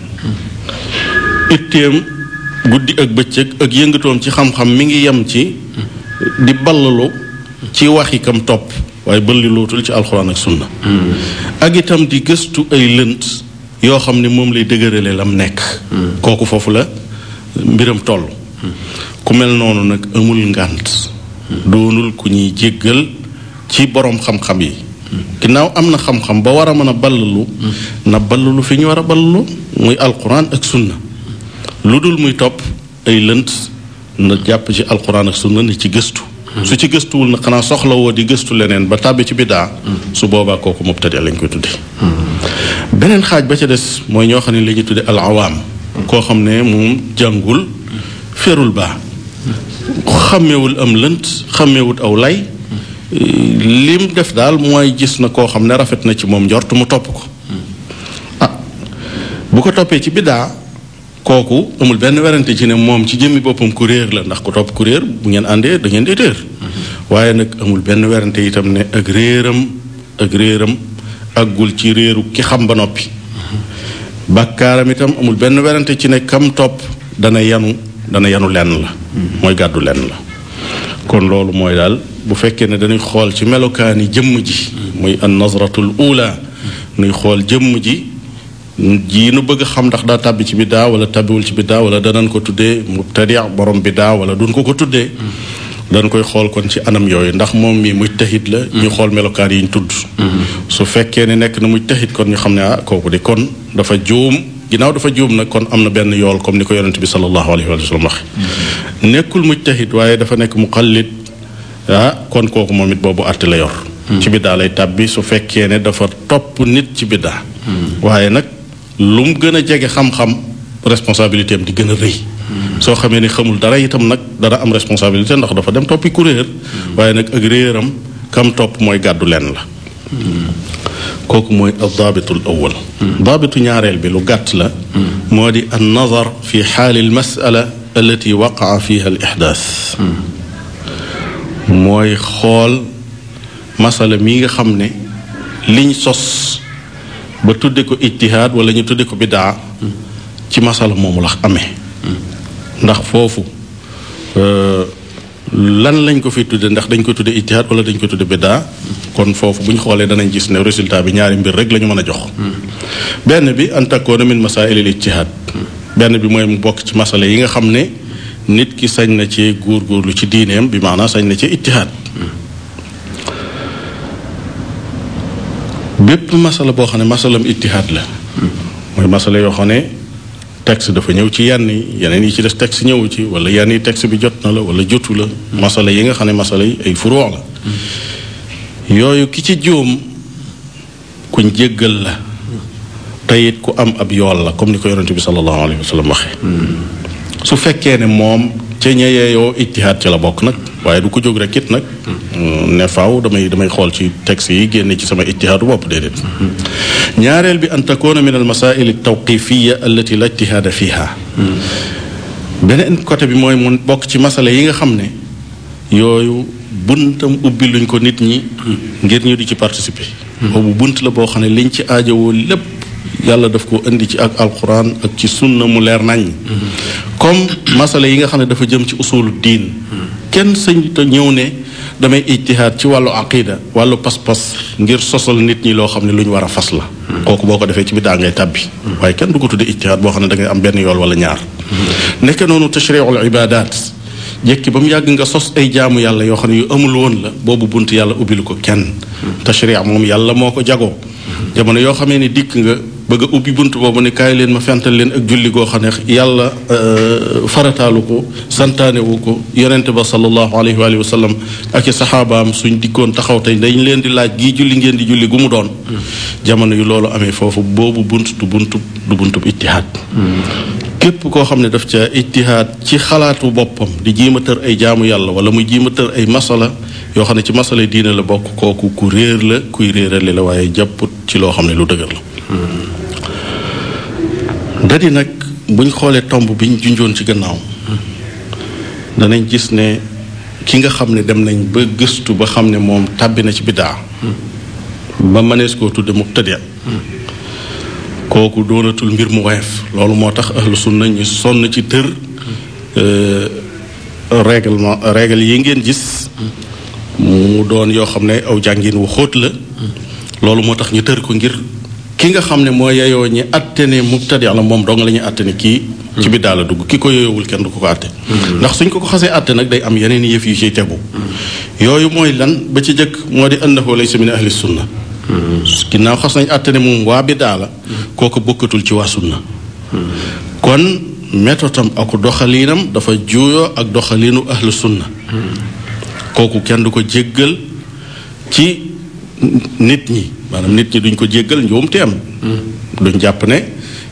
itteem guddi ak bëccëg ak yëngatoom ci xam-xam mi ngi yem ci di ballalu ci waxi kam topp waaye bëlli lootul ci alxuraan ak sunna hmm. ak itam di gëstu ay lënt yoo xam ne moom lay dëgërale lam nekk hmm. kooku foofu la mbiram toll hmm. ku mel noonu nag amul ngànt doonul ku ñuy jéggal ci boroom xam-xam yi ginnaaw am na xam-xam ba war a mën a ballalu na ballalu fi ñu war a ballalu muy alquran ak sunna lu dul muy topp ay lënt na jàpp ci alquran ak sunna ni ci gëstu su ci gëstuwul na xanaa soxlawoo di gëstu leneen ba tàbbi ci biddaa su boobaa kooku de lañ koy tudde beneen xaaj ba ca des mooy ñoo xam ne li ñuy tudde al awaam koo xam ne moom jàngul ferul baa xàmmewul am lënt xàmmewut aw lay lim def daal mooy gis na koo xam ne rafet na ci moom njort mu topp ko ah bu ko toppee ci biddaa kooku amul benn werante ci ne moom ci jëmmi boppam ku réer la ndax ko topp ku réer bu ngeen àndee da ngeen di mm-hmm. waaye nag amul benn werante itam ne ak réeram ak réeram ci réeru ki xam ba noppi mm-hmm. bàkkaaram itam amul benn werante ci ne kam topp dana yanu dana yanu lenn la mm-hmm. mooy gàddu lenn la kon loolu mooy daal bu fekkee ne dañuy xool ci melokaani jëmm ji muy an nazratul ula nuy xool jëmm ji ji nu bëgg a xam ndax daa tàbbi ci biddaa wala tàbbiwul ci biddaa wala danañ ko tuddee mubtadia borom biddaa wala duñ ko ko tuddee dan koy xool kon ci anam yooyu ndax moom mi mujtahid la ñu xool melokaan yi ñu tudd su fekkee ne nekk na mujtahid kon ñu xam ne ah kooku di kon dafa juum ginnaaw dafa juum nag kon am na benn yool comme ni ko yonente bi sallallahu alayhi wa sallam waxe nekkul mujtahid waaye dafa nekk muqallid ah kon kooku moom it boobu àtte la yor. Hmm. ci biddaa lay tàbbi su fekkee ne dafa topp nit ci biddaa. Hmm. waaye nag lu mu gën a jege xam-xam responsabilité am di gën a rëy. Hmm. soo xamee ni xamul dara itam nag dara am responsabilité ndax dafa dem toppi ku réer. waaye nag ak réeram kam topp mooy gàddu leen la. kooku mooy aldaabitul awal daabitu ñaareel bi lu gàtt la moo di an nazar fi xaali almasala allati waqaa fiha al mooy xool masala mi nga xam ne liñ sos ba tuddee ko ijtihaad wala ñu tudde ko bidaa ci masala moomu la amee ndax foofu euh, lan lañ ko fi tudde ndax dañ ko tudde ijtihaad wala dañ ko tudde bidaa kon foofu bu ñu xoolee danañ gis ne résultat bi ñaari mbir rek la ñu mën a jox benn bi an takkoona min masaa'ilil ijtihaad benn bi mooy mu bokk ci masala yi nga xam ne nit ki sañ na ci góorgóorlu ci diineem bi maanaam sañ na ci ittihaad bépp masala boo xam ne masalam ittihaad la mooy masala yoo xam ne texte dafa ñëw ci yenn yi yeneen yi ci des texte ñëwu ci wala yenn yi texte bi jot na la wala jotu la masala yi nga xam ne masala yi ay furoo la yooyu ki ci juum kuñ jéggal la teyit ku am ab yool la comme ni ko yonente bi sallallahu alayhi wa waxe su fekkee ne moom ca ñeyeeyoo ijtihaad ci la bokk nag waaye du ko jóg rek it nag mm, ne faaw damay damay xool ci texte yi génne ci sama ijtihaadu bopp déedéet mm-hmm. ñaareel bi an takuna min al masail tawqifiya allati la ijtihaada fiha mm-hmm. beneen côté bi mooy mu bokk ci masala yi nga xam ne yooyu buntam ubbi luñ ko nit ñi mm-hmm. ngir ñu di ci participer boobu bunt la boo xam ne liñ ci aajowoo lépp yàlla daf ko indi ci ak alquran ak ci sunna mu leer nañ comme masala yi nga xam ne dafa jëm ci usulu diin kenn sañ te ñëw ne damay ijtihaad ci wàllu aqida wàllu pas-pas ngir sosal nit ñi loo xam ne lu ñu war a fas la kooku boo ko defee ci biddaa ngay tàbbi waaye kenn du ko tudde ijtihaad boo xam ne da am benn yool wala ñaar nekk noonu tashriul ibadat jekki ba mu yàgg nga sos ay jaamu yàlla yoo xam ne yu amul woon la boobu bunt yàlla ubbilu ko kenn tashri moom yàlla moo ko jagoo bëgg ubbi bunt boobu ne kaay leen ma fental leen ak julli goo xam ne yàlla euh, farataalu ko santaanewu ko yonente ba sallallahu alayhi wa sallam ak i saxaabaam suñ dikkoon taxaw tey dañ leen di laaj gii julli ngeen di julli gu mu doon jamono yu loolu amee foofu boobu bunt du buntub du koo xam ne daf ca ittihaad ci xalaatu boppam di jiima tër ay jaamu yàlla wala muy ma tër ay masala yoo xam ne ci masala diine la bokk kooku ku réer la kuy réerali la waaye jàpput ci loo xam ne lu dëgër la Hmm. dadi nag buñ xoolee tomb biñ junjoon ci gannaaw danañ gis ne ki nga xam ne dem nañ ba gëstu ba xam ne moom tàbbi na ci biddaa hmm. ba mënees koo tudde mubtadia hmm. kooku doonatul mbir mu woyof loolu moo tax ahlu sunna ñu sonn ci tër eh, règlement règle yi ngeen gis mu doon yoo xam ne aw jàngin wu xóot la loolu moo tax ñu tër ko ngir ki nga xam ne moo yeyoo ñi atte ne mubtadi la moom dong la ñuy atte kii ci bi daal la dugg ki ko yeyowul kenn du ko ko atte hmm. ndax suñ ko ko xasee atte nag day am yeneen yëf yu ciy tegu yooyu mooy lan ba ci jëkk moo di annahu laysa min ahli sunna hmm. ginnaaw xas nañ atte waa bi daal la hmm. kooku bokkatul ci waa sunna kon méthode am ak doxaliinam dafa juuyoo ak doxaliinu ahlu sunna kooku kenn du ko jéggal ci nit ñi maanaam nit ñi duñ ko jéggal njuumte am hmm. duñ jàpp ne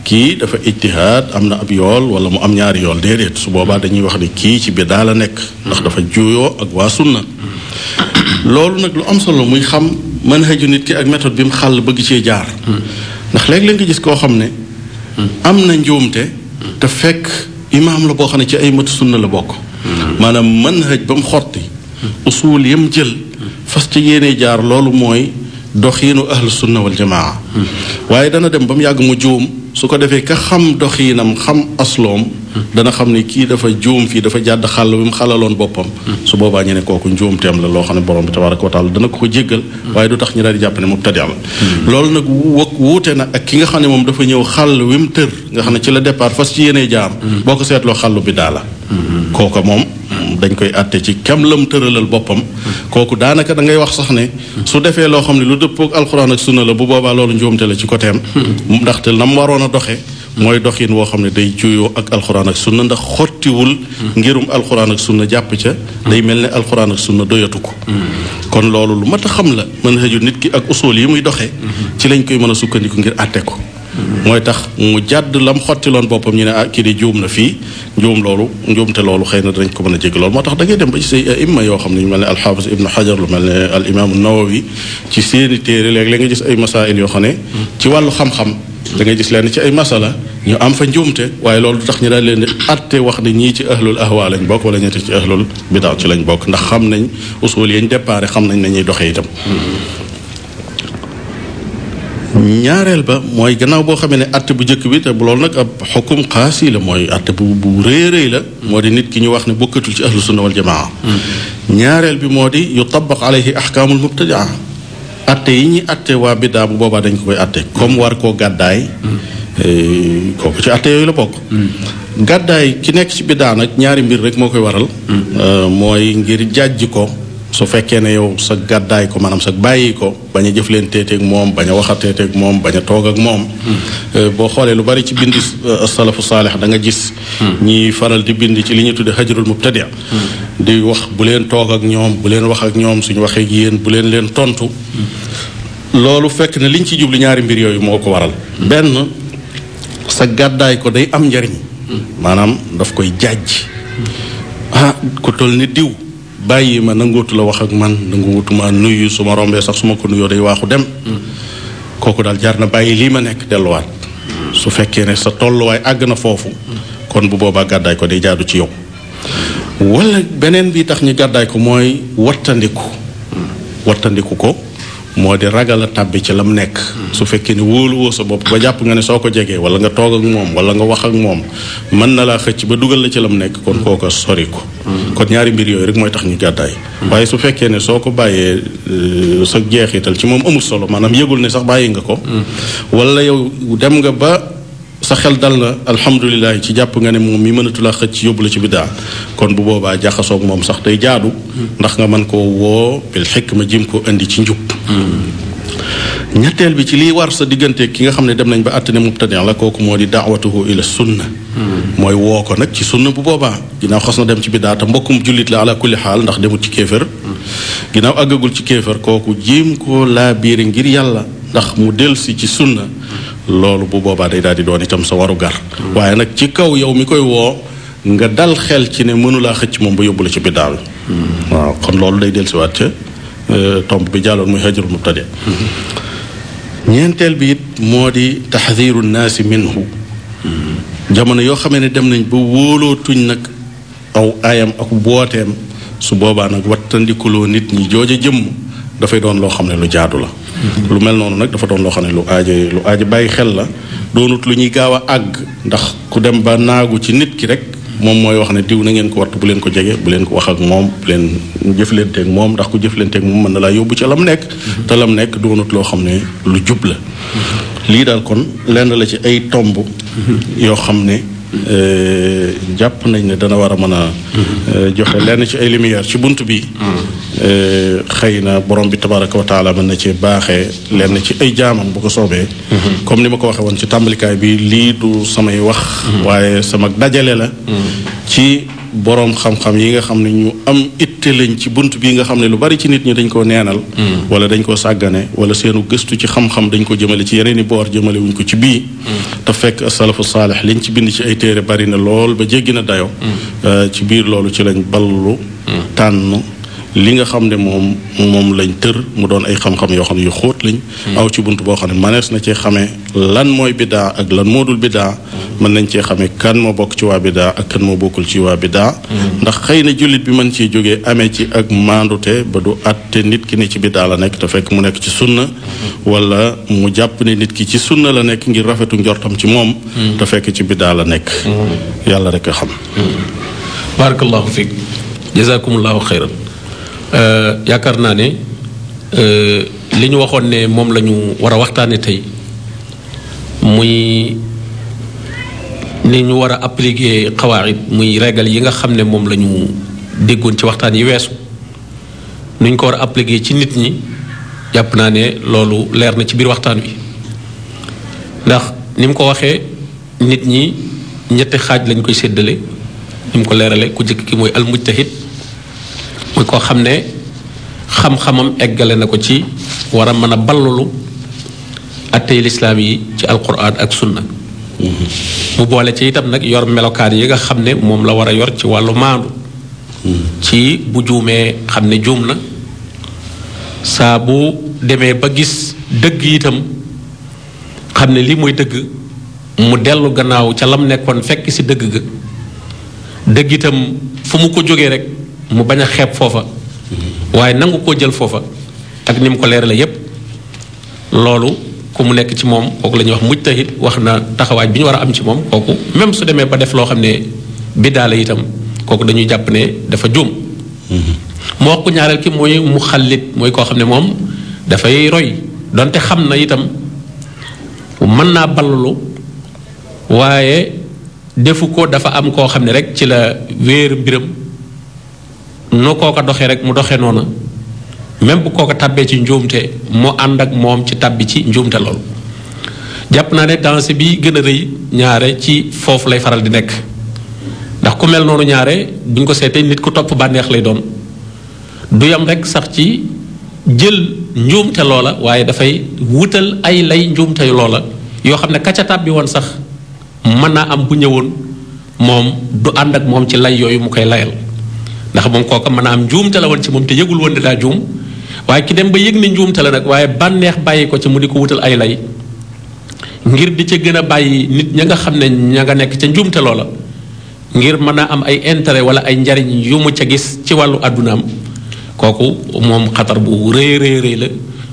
kii dafa ijtihaad am na ab yool wala mu am ñaari yool déedéet su boobaa dañuy wax ne kii ci bidaa la nekk hmm. ndax dafa juuyoo ak waa sunna hmm. loolu nag lu am solo muy xam mën manhaju nit ki ak méthode bi mu xàll bëgg cee jaar ndax léeg-léeg gis koo xam ne am na njuumte te fekk imaam la boo xam ne ci ay matu sunna la bokk maanaam manhaj ba mu xotti usuul yam jël fas ca yéene jaar loolu mooy doxiinu ahlu sunna wal jamaa waaye dana dem ba mu yàgg mu juum su ko defee ka xam doxiinam xam asloom dana xam ne kii dafa juum fii dafa jàdd xàll wi mu xalaloon boppam su boobaa ñu ne kooku teem la loo xam ne borom bi tabaraka wa taala dana ko ko jéggal waaye du tax ñu daal di jàpp ne mubtadi la loolu nag wa wuute na ak ki nga xam ne moom dafa ñëw xàll wi mu tër nga xam ne ci la départ fas ci yéenee jaam boo ko seetloo xàllu bi daa kooka moom dañ koy àtte ci kem lam tëralal boppam kooku daanaka da ngay wax sax ne su defee loo xam ne lu dëppook alxuraan ak sunna la bu boobaa loolu njuumte la ci côtéem ndaxte nam waroon a doxee mooy doxin woo xam ne day juyoo ak alxuraan ak sunna ndax xottiwul ngirum alxuraan ak sunna jàpp ca day mel ne alxuraan ak sunna doyatu ko kon loolu lu mat a xam la mën a xëju nit ki ak usul yi muy doxee ci lañ koy mën a sukkandiku ngir àtte ko mooy tax mu jàdd lam loon boppam ñu ne ak ah, kii di juum na fii njuum loolu njuumte loolu xëy na dinañ ko mën a jégg loolu moo tax dangay dem ba ci yoo xam ne ñu mel ne alxaafis ibnu xajar lu mel ne al imaamu nawawi ci seeni téere léeg-léeg nga gis ay masail yoo xam ne ci wàllu xam-xam da ngay gis leen ci ay masala ñu am fa njuumte waaye loolu du tax ñu daal leen di atte wax ne ñii ci ahlul ahwa lañ bokk wala ñetti ci ahlul bidaa ci lañ bokk ndax xam nañ usul yañ déparé xam nañ nañuy doxee itam ñaareel ba mooy gannaaw boo xamee ne atte bu njëkk bi te loolu nag ab xukum xaas yi la mooy atte bu bu réeréy la moo di nit ki ñu wax ne bokkatul ci ahlu sunna wal jamaa mm. ñaareel bi moo di yu tabaq alayhi ahkaamul mubtadia atte yi ñi atte waa biddaa bu boobaa dañ ko koy atte comme war koo gàddaay mm. eh, kooku ci atte yooyu la bokk mm. gàddaay ki nekk ci biddaa nag ñaari mbir rek moo koy waral euh, mooy ngir jàjj ko su fekkee ne yow sa gàddaay ko maanaam sa bàyyi ko bañ a jëflanteeteeg moom bañ a waxateeteeg moom bañ a toog ak moom. Hmm. Euh, boo xoolee lu bari ci bind euh, salafu saalix da nga gis. Hmm. ñuy faral di bind ci li ñuy tuddee xajrul mubtadi hmm. di wax bu leen toog ak ñoom bu leen wax ak ñoom suñu waxee ak yéen bu leen leen tontu. loolu fekk na liñ ci jublu ñaari mbir yooyu moo ko waral. benn sa gàddaay ko day am njariñ. maanaam daf koy jàjj. ah ku toll ni diw. bàyyi ma nangootu la wax ak man nanguwutuma nuyu su ma rombee sax suma ko nuyoo day waaxu dem kooku daal jaar na bàyyi lii ma nekk delluwaat su fekkee ne sa tolluwaay àgg na foofu kon bu boobaa gàddaay ko day jaadu ci yow wala beneen bi tax ñu gàddaay ko mooy wattandiku wattandiku ko moo di ragal a tàbbi ci la mu nekk su fekkee ne wóolu woo sa bopp ba jàpp nga ne soo ko jegee wala nga toog ak moom wala nga wax ak moom mën na laa xëcc ba dugal la ci la mu nekk kon koo ko sori ko kon ñaari mbir yooyu rek mooy tax ñu gàddaay waaye su fekkee ne soo ko bàyyee euh, sa jeexital ci moom amul solo maanaam yëgul ne sax bàyyi nga ko mm. wala yow dem nga ba sa xel dal na alhamdulilah ci jàpp nga ne moom mi mënatulaa xëcc yóbbu la ci biddaa kon bu boobaa jaxasoog moom sax tey jaadu ndax nga man koo woo bil xikma jim koo indi ci njub ñetteel bi ci liy war sa diggante ki nga xam ne dem nañ ba àtt ne mubtadi la kooku moo di daawatuhu ila sunna mooy woo ko nag ci sunna bu boobaa ginnaaw xas na dem ci biddaa te mbokkum jullit la ala kulli xaal ndax demut ci kéefër ginnaaw àggagul ci kéefër kooku jéem koo laa biir ngir yàlla ndax mu delsi ci sunna loolu bu boobaa day daal di doon itam sa waru gar waaye nag ci kaw yow mi koy woo nga dal xel ci ne mënulaa xëcc moom ba yóbbu la ci biddaal waaw kon loolu day dellusiwaat ca euh, tomb bi jàlloon muy xajrul mubtadi ñeenteel bi it moo di taxdiru naasi minhu jamono yoo xamee ne dem nañ ba tuñ nag aw aayam ak booteem su boobaa nag wattandikuloo nit ñi jooja jëmm dafay doon loo xam ne lu jaadu la lu mel noonu nag dafa doon loo xam ne lu aaje lu aaje bàyyi xel la doonut lu ñuy gaaw a àgg ndax ku dem ba naagu ci nit ki rek moom mooy wax ne diw na ngeen ko wattu bu leen ko jege bu leen ko wax ak moom bu leen jëflanteeg moom ndax ku jëflanteeg moom mën na laa yóbbu ci lam nekk mhm. te lam nekk doonut loo xam ne lu jub la mhm. lii daal kon lenn la ci ay tomb mhm. yoo xam ne Euh, jàpp nañ ne dana war a mën a euh, joxe lenn ci ay lumière ci bunt bi euh, xëy na borom bi tabaraka wa taala mën na ci baaxee lenn ci ay jaamam bu ko soobee comme ni ma ko waxee woon ci tàmbalikaay bi lii du samay wax mm-hmm. waaye sama dajale la mm-hmm. ci boroom xam-xam yi nga xam ne ñu am itte lañ ci bunt bi nga xam ne lu bari ci nit ñi dañ koo neenal mm. wala dañ koo sàggane wala seenu gëstu ci xam-xam dañ ko jëmale ci yeneen i boor jëmale wuñ ko ci bii mm. te fekk salafu saalix liñ ci bind ci ay téere bari na lool ba jéggi na dayo mm. euh, ci biir loolu ci lañ ballu tànn li nga xam ne moom moom lañ tër mu doon ay xam-xam yoo xam ne yu xóot lañ hmm. aw ci bunt boo xam ne manees na cee xamee lan mooy bidaa ak lan moo dul bidaa hmm. mën nañ cee xamee kan moo bokk ci waa bidaa ak kan moo bokkul ci waa bidaa hmm. ndax xëy na jullit bi mën cee jógee amee ci ak maandute ba du àtte nit ki ne ci bidaa la nekk te fekk mu nekk ci sunna wala mu jàpp ne nit ki ci sunna la nekk ngir rafetu njortam ci moom te fekk ci biddaa la nekk yàlla rek a xam barakallahu fiik jazakumullahu xayran Euh, yaakaar naa ne euh, li ñu waxoon ne moom la ñu war a waxtaane tey muy ni ñu war a appliquer xawaarib muy régal yi nga xam ne moom lañu ñu déggoon ci waxtaan yi weesu nu ñu ko war a appliquer ci nit ñi jàpp naa ne loolu leer na ci biir waxtaan wi ndax ni mu ko waxee nit ñi ñetti xaaj lañ koy séddale ni mu ko leerale ku jëkk ki mooy almujtahid muy koo xam ne xam-xamam eggale na ko ci war a mën a ballulu attey lislaam yi ci alquran ak sunna mm-hmm. mu boole ci itam nag yor melokaan yi nga xam ne moom la war a yor ci wàllu maandu mm-hmm. ci bu juumee xam ne juum na saa bu demee ba gis dëgg itam xam ne lii mooy dëgg mu dellu gannaaw ca lam nekkoon fekk ci dëgg ga dëgg itam fu mu ko jógee rek mu bañ a xeeb foofa waaye nangu koo jël foofa ak ni mu ko leerale yépp loolu ku mu nekk ci moom kooku lañuy wax wax mujtahid wax na taxawaay bi ñu war a am ci moom kooku même su demee ba def loo xam ne biddaa la itam kooku dañuy jàpp ne dafa juum mu wax ku ñaareel ki mooy mu xallit mooy koo xam ne moom dafay roy donte xam na itam mën naa balalu waaye defu ko dafa am koo xam ne rek ci la wéer mbiram nu kooka doxee rek mu doxee noonu même bu kooka tàbbee ci njuumte mu ànd ak moom ci tàbbi ci njuumte loolu jàpp naa ne danse bi gën a rëy ñaare ci foofu lay faral di nekk ndax ku mel noonu ñaare duñ ko seetee nit ku topp bànneex lay doon du yam rek sax ci jël njuumte loola waaye dafay wutal ay lay njuumte loola yoo xam ne kaca tàbbi woon sax mën naa am bu ñëwoon moom du ànd ak moom ci lay yooyu mu koy layal ndax moom kooka mën a am njuumte la woon ci moom te yëgul woon ne daa juum waaye ki dem ba yëg ni njuumte la nag waaye bànneex bàyyi ko ci mu di ko wutal ay lay ngir di ca gën a bàyyi nit ña nga xam ne ña nga nekk ca njuumte loola ngir mën a am ay intérêt wala ay njariñ yu mu ca gis ci wàllu àddunaam kooku moom xatar bu rëy rëy rëy la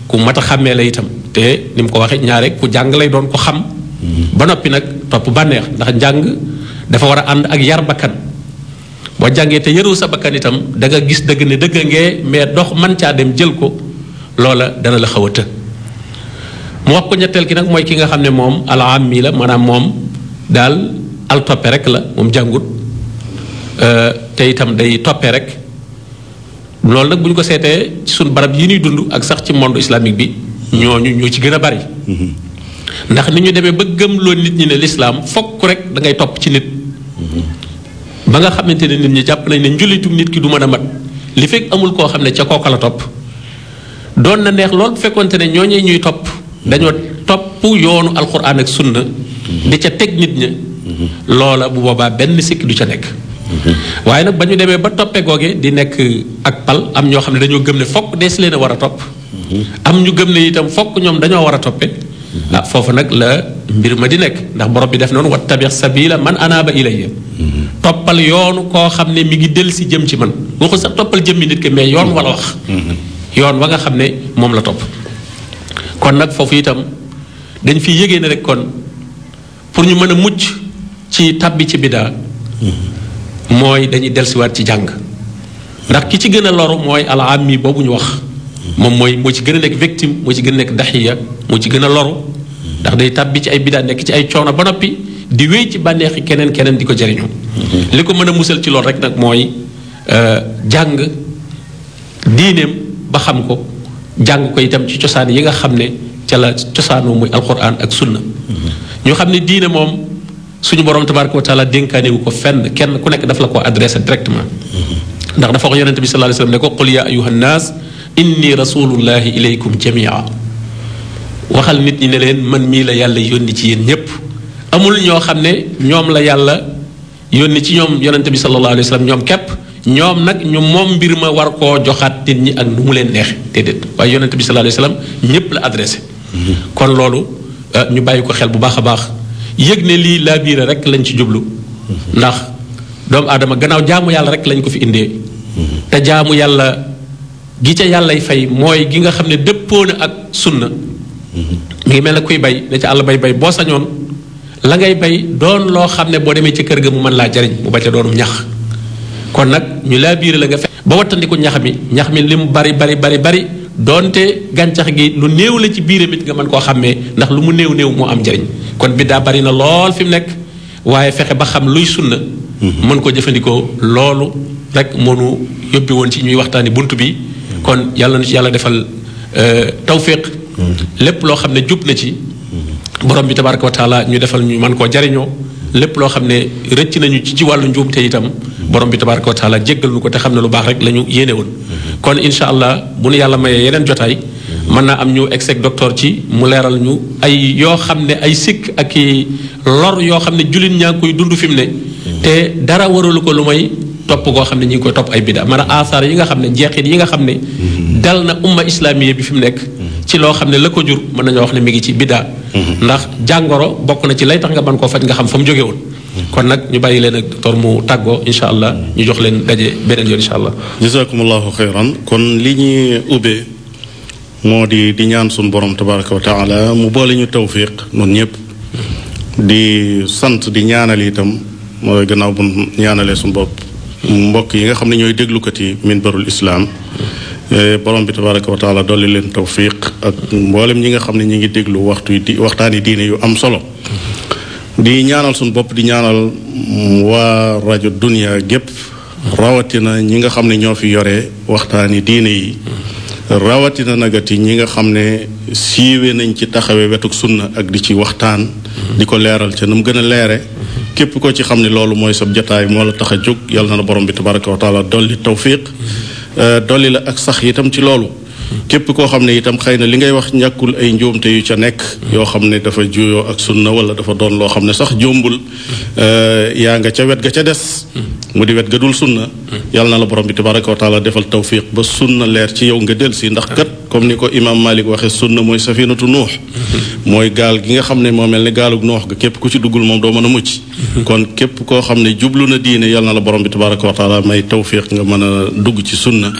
ku mat a xàmmee la itam te ni mu ko waxee ñaare ku jàng lay doon ko xam mm-hmm. ba noppi nag topp bànneex ndax njàng dafa war a ànd ak yar bakkan boo jàngee te yëroo sa bakkan itam da nga gis dëgg ne dëgg ngee mais dox man caa dem jël ko loola dana la xaw a të mu wax ko ñetteel ki nag mooy ki nga xam ne moom alaam mi la maanaam moom daal al toppe rek la moom jàngut euh, te itam day toppe rek loolu nag bu ñu ko seetee ci suñ barab yi ñuy dund ak sax ci monde islamique bi ñoo ñu ñoo ci gën a bari mm-hmm. ndax ni ñu demee ba gëm nit ñi ne lislaam fokk rek dangay topp ci nit mm-hmm. ba nga xamante ne nit ñi jàpp nañ ne njullitum nit ki du mën a mat li fekk amul koo xam ne ca kooka la topp doon na neex lool fekkonte ne ñooñee ñuy topp dañoo topp yoonu alxuraan ak sunna di ca teg nit ña loola bu boobaa benn sikki du ca nekk waaye nag ba ñu demee ba toppe googe di nekk ak pal am ñoo xam ne dañoo gëm ne fokk dees leen a war a topp am ñu gëm ne itam fokk ñoom dañoo war a toppe ah foofu nag la mbir ma di nekk ndax borom bi def noonu wattabi sabila man anaaba ilayya toppal yoonu koo xam ne mi ngi del si jëm ci man waxul sax toppal jëmmi nit ki yoon wala wax nga xam ne moom la topp kon nag foofu itam dañ fi yégée na rek kon pour ñu mën a mucc ci tabbi ci biddaa mooy dañuy delsiwaat ci jàng ndax ki ci gën a loru mooy mii boobu ñu wax moom mooy moo ci gën a nekk victime moo ci gën a nekk daxiya moo ci gën a loru ndax day tabbi ci ay biddaa nekk ci ay coono ba noppi di wéy ci bànneexi keneen keneen di ko jariñu li ko mën a musal ci loolu rek nag mooy euh, jàng diineem ba xam ko jàng ko itam ci cosaan yi nga xam ne ca la cosaanoo muy alquran ak sunna mm-hmm. ñu xam ne diine moom suñu borom tabaraka wa taala dénkaanewu ko fenn kenn ku nekk daf la ko adressé directement mm-hmm. ndax dafa wax yonente bi sallallahu alayhi wasallam ne ko qul ya ayuha nnaas inni rasulullahi ilaykum jamia waxal nit ñi ne leen man mii la yàlla yónni ci yéen ñépp amul ñoo xam ne ñoom la yàlla yónni ci ñoom yonente bi sallallahu alayhi wa ñoom képp ñoom nag ñu moom mbir ma war koo joxaat nit ñi ak nu mu leen neex déedéet waaye yonente bi sallallahu alayhi wa ñépp la adressé mm-hmm. kon loolu euh, ñu bàyyi ko xel bu baax a baax yëg ne lii laa biire rek lañ ci jublu mm-hmm. ndax doomu aadama gannaaw jaamu yàlla rek lañ ko fi indee mm-hmm. te jaamu yàlla gi ca yàllay fay mooy gi nga xam ne dëppoo ak sunna mu ngi mel ne kuy bay da ca àll bay bay boo sañoon la ngay bay doon loo xam ne boo demee ci kër gi mu mën laa jariñ mu ba ca doonum ñax kon nag ñu laa biir la nga fekk ba wattandiku ñax mi ñax mi li mu bari bari bari bari doonte gàncax gi lu néew la ci biiram it nga mën koo xàmmee ndax lu mu néew néew moo am jariñ kon biddaa bari na lool fi mu nekk waaye fexe ba xam luy sunna mhm. mën koo jëfandikoo loolu rek moo nu woon ci ñuy waxtaani bunt bi mhm. kon yàlla na ci yàlla defal euh, tawféq mhm. lépp loo xam ne jub na ci borom bi tabaraka wa taala ñu defal ñu man koo jariñoo lépp loo xam ne rëcc nañu ci ci wàllu njuumte itam borom bi tabaraka wa taala jéggal nu ko te xam ne lu baax rek la ñu yéene woon kon incha allah bu nu yàlla mayee yeneen jotaay mën naa am ñu exeg docteur ci mu leeral ñu ay yoo xam ne ay sikk ak i lor yoo xam ne jullit ñaa ngi koy dund fi mu ne te dara waralu ko lu may topp koo xam ne ñi ngi koy topp ay bida maanaam asaar yi nga xam ne jeexit yi nga xam ne dal na umma islamiya bi fi mu nekk ci loo xam ne la ko jur mën nañoo wax ne mi ngi ci biddaa mhm. ndax jàngoro bokk na ci lay tax nga ban koo faj nga xam fa mu woon mhm. kon nag ñu bàyyi leen ak docteur mu tàggoo incha allah mhm. ñu jox leen daje beneen yoon incha allah jazakumullahu xayran kon li ñuy ubbee moo di di ñaan suñu borom tabaraka wa taala mu boole ñu tawfiq noonu ñëpp di sant di ñaanal itam mooy gannaaw bu ñaanalee suñ bopp mbokk yi nga xam ne ñooy déglukat yi minbarul islaam Eh, borom bi tabaraka wa taala dolli leen tawfiq ak mboolem ñi nga xam ne ñi ngi déglu waxtu di waxtaani diine yu am solo di ñaanal suñu bopp di ñaanal waa rajo dunia gépp rawatina ñi nga xam ne ñoo fi yore waxtaani diine yi rawatina nagati ñi nga xam ne siiwe nañ ci taxawe wetuk na ak di ci waxtaan di ko leeral ca nu mu gën a leere képp ko ci xam ne loolu mooy sab jataay moo la tax a jóg yàlla na borom bi tabaraka wa taala dolli tawfiq Euh, dolli la ak sax itam ci loolu képp koo xam ne itam xëy na li ngay wax ñàkkul ay njuumte yu ca nekk yoo xam ne dafa juyoo ak sunna wala dafa doon loo xam ne sax jombul euh, yaa nga ca wet ga ca des mu di wet ga dul sunna yàlla na la borom bi tabaraka wa taala defal tawfiq ba sunna leer ci yow nga del si ndax kat comme ni ko imaam Malik waxee sunna mooy safinatu nuux mooy gaal gi nga xam ne moo mel ne gaalug noox ga képp ku ci duggul moom doo mën a mucc kon képp koo xam ne jublu na diine yàlla na la borom bi tabaraka wa taala may tawfiq nga mën a dugg ci sunna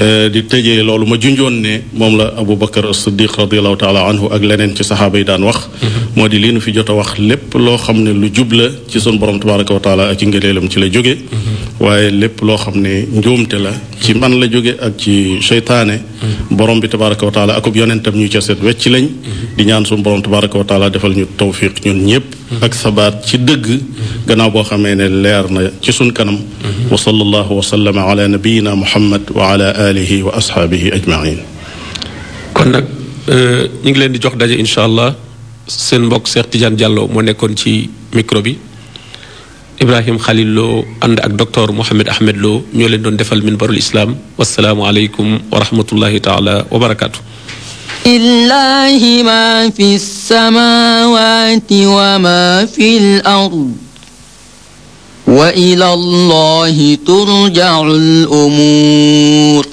euh, di tëjee loolu ma junj mujjoon ne moom la Abu Bakar as-Siddiq radiallahu taala anhu ak leneen ci saxaaba yi daan wax mm-hmm. moo di lii nu fi jot a wax lépp loo xam ne lu jub la ci sun borom tabaraka wa taala ak ci ngëneelam ci la jóge mm-hmm. waaye lépp loo xam ne njuumte la ci man la jóge ak ci seytaane borom bi tabaraka wa taala akub yonentam ñu ca set wecc lañ di ñaan suñu borom tabaraka wa taala defal ñu tawfiq ñun ñëpp ak sabaat ci dëgg gannaaw boo xamee ne leer na ci suñ kanam wa sallallahu wa sallama ala nabiyina muhammad wa ala alihi wa ashaabihi ajmain kon nag euh, ñu ngi leen di jox daje incha allah seen mbokk Cheikh Tidiane Diallo nekkoon ci micro bi Ibrahim Khalil Lo ànd ak docteur Mouhamed Ahmed Lo ñoo leen doon defal minbarul islam wasalaamu aleykum wa rahmatullahi taala wa barakaatu. Lillahi ma fi samawati wa ma fil ard wa ila Allahi turja'ul umur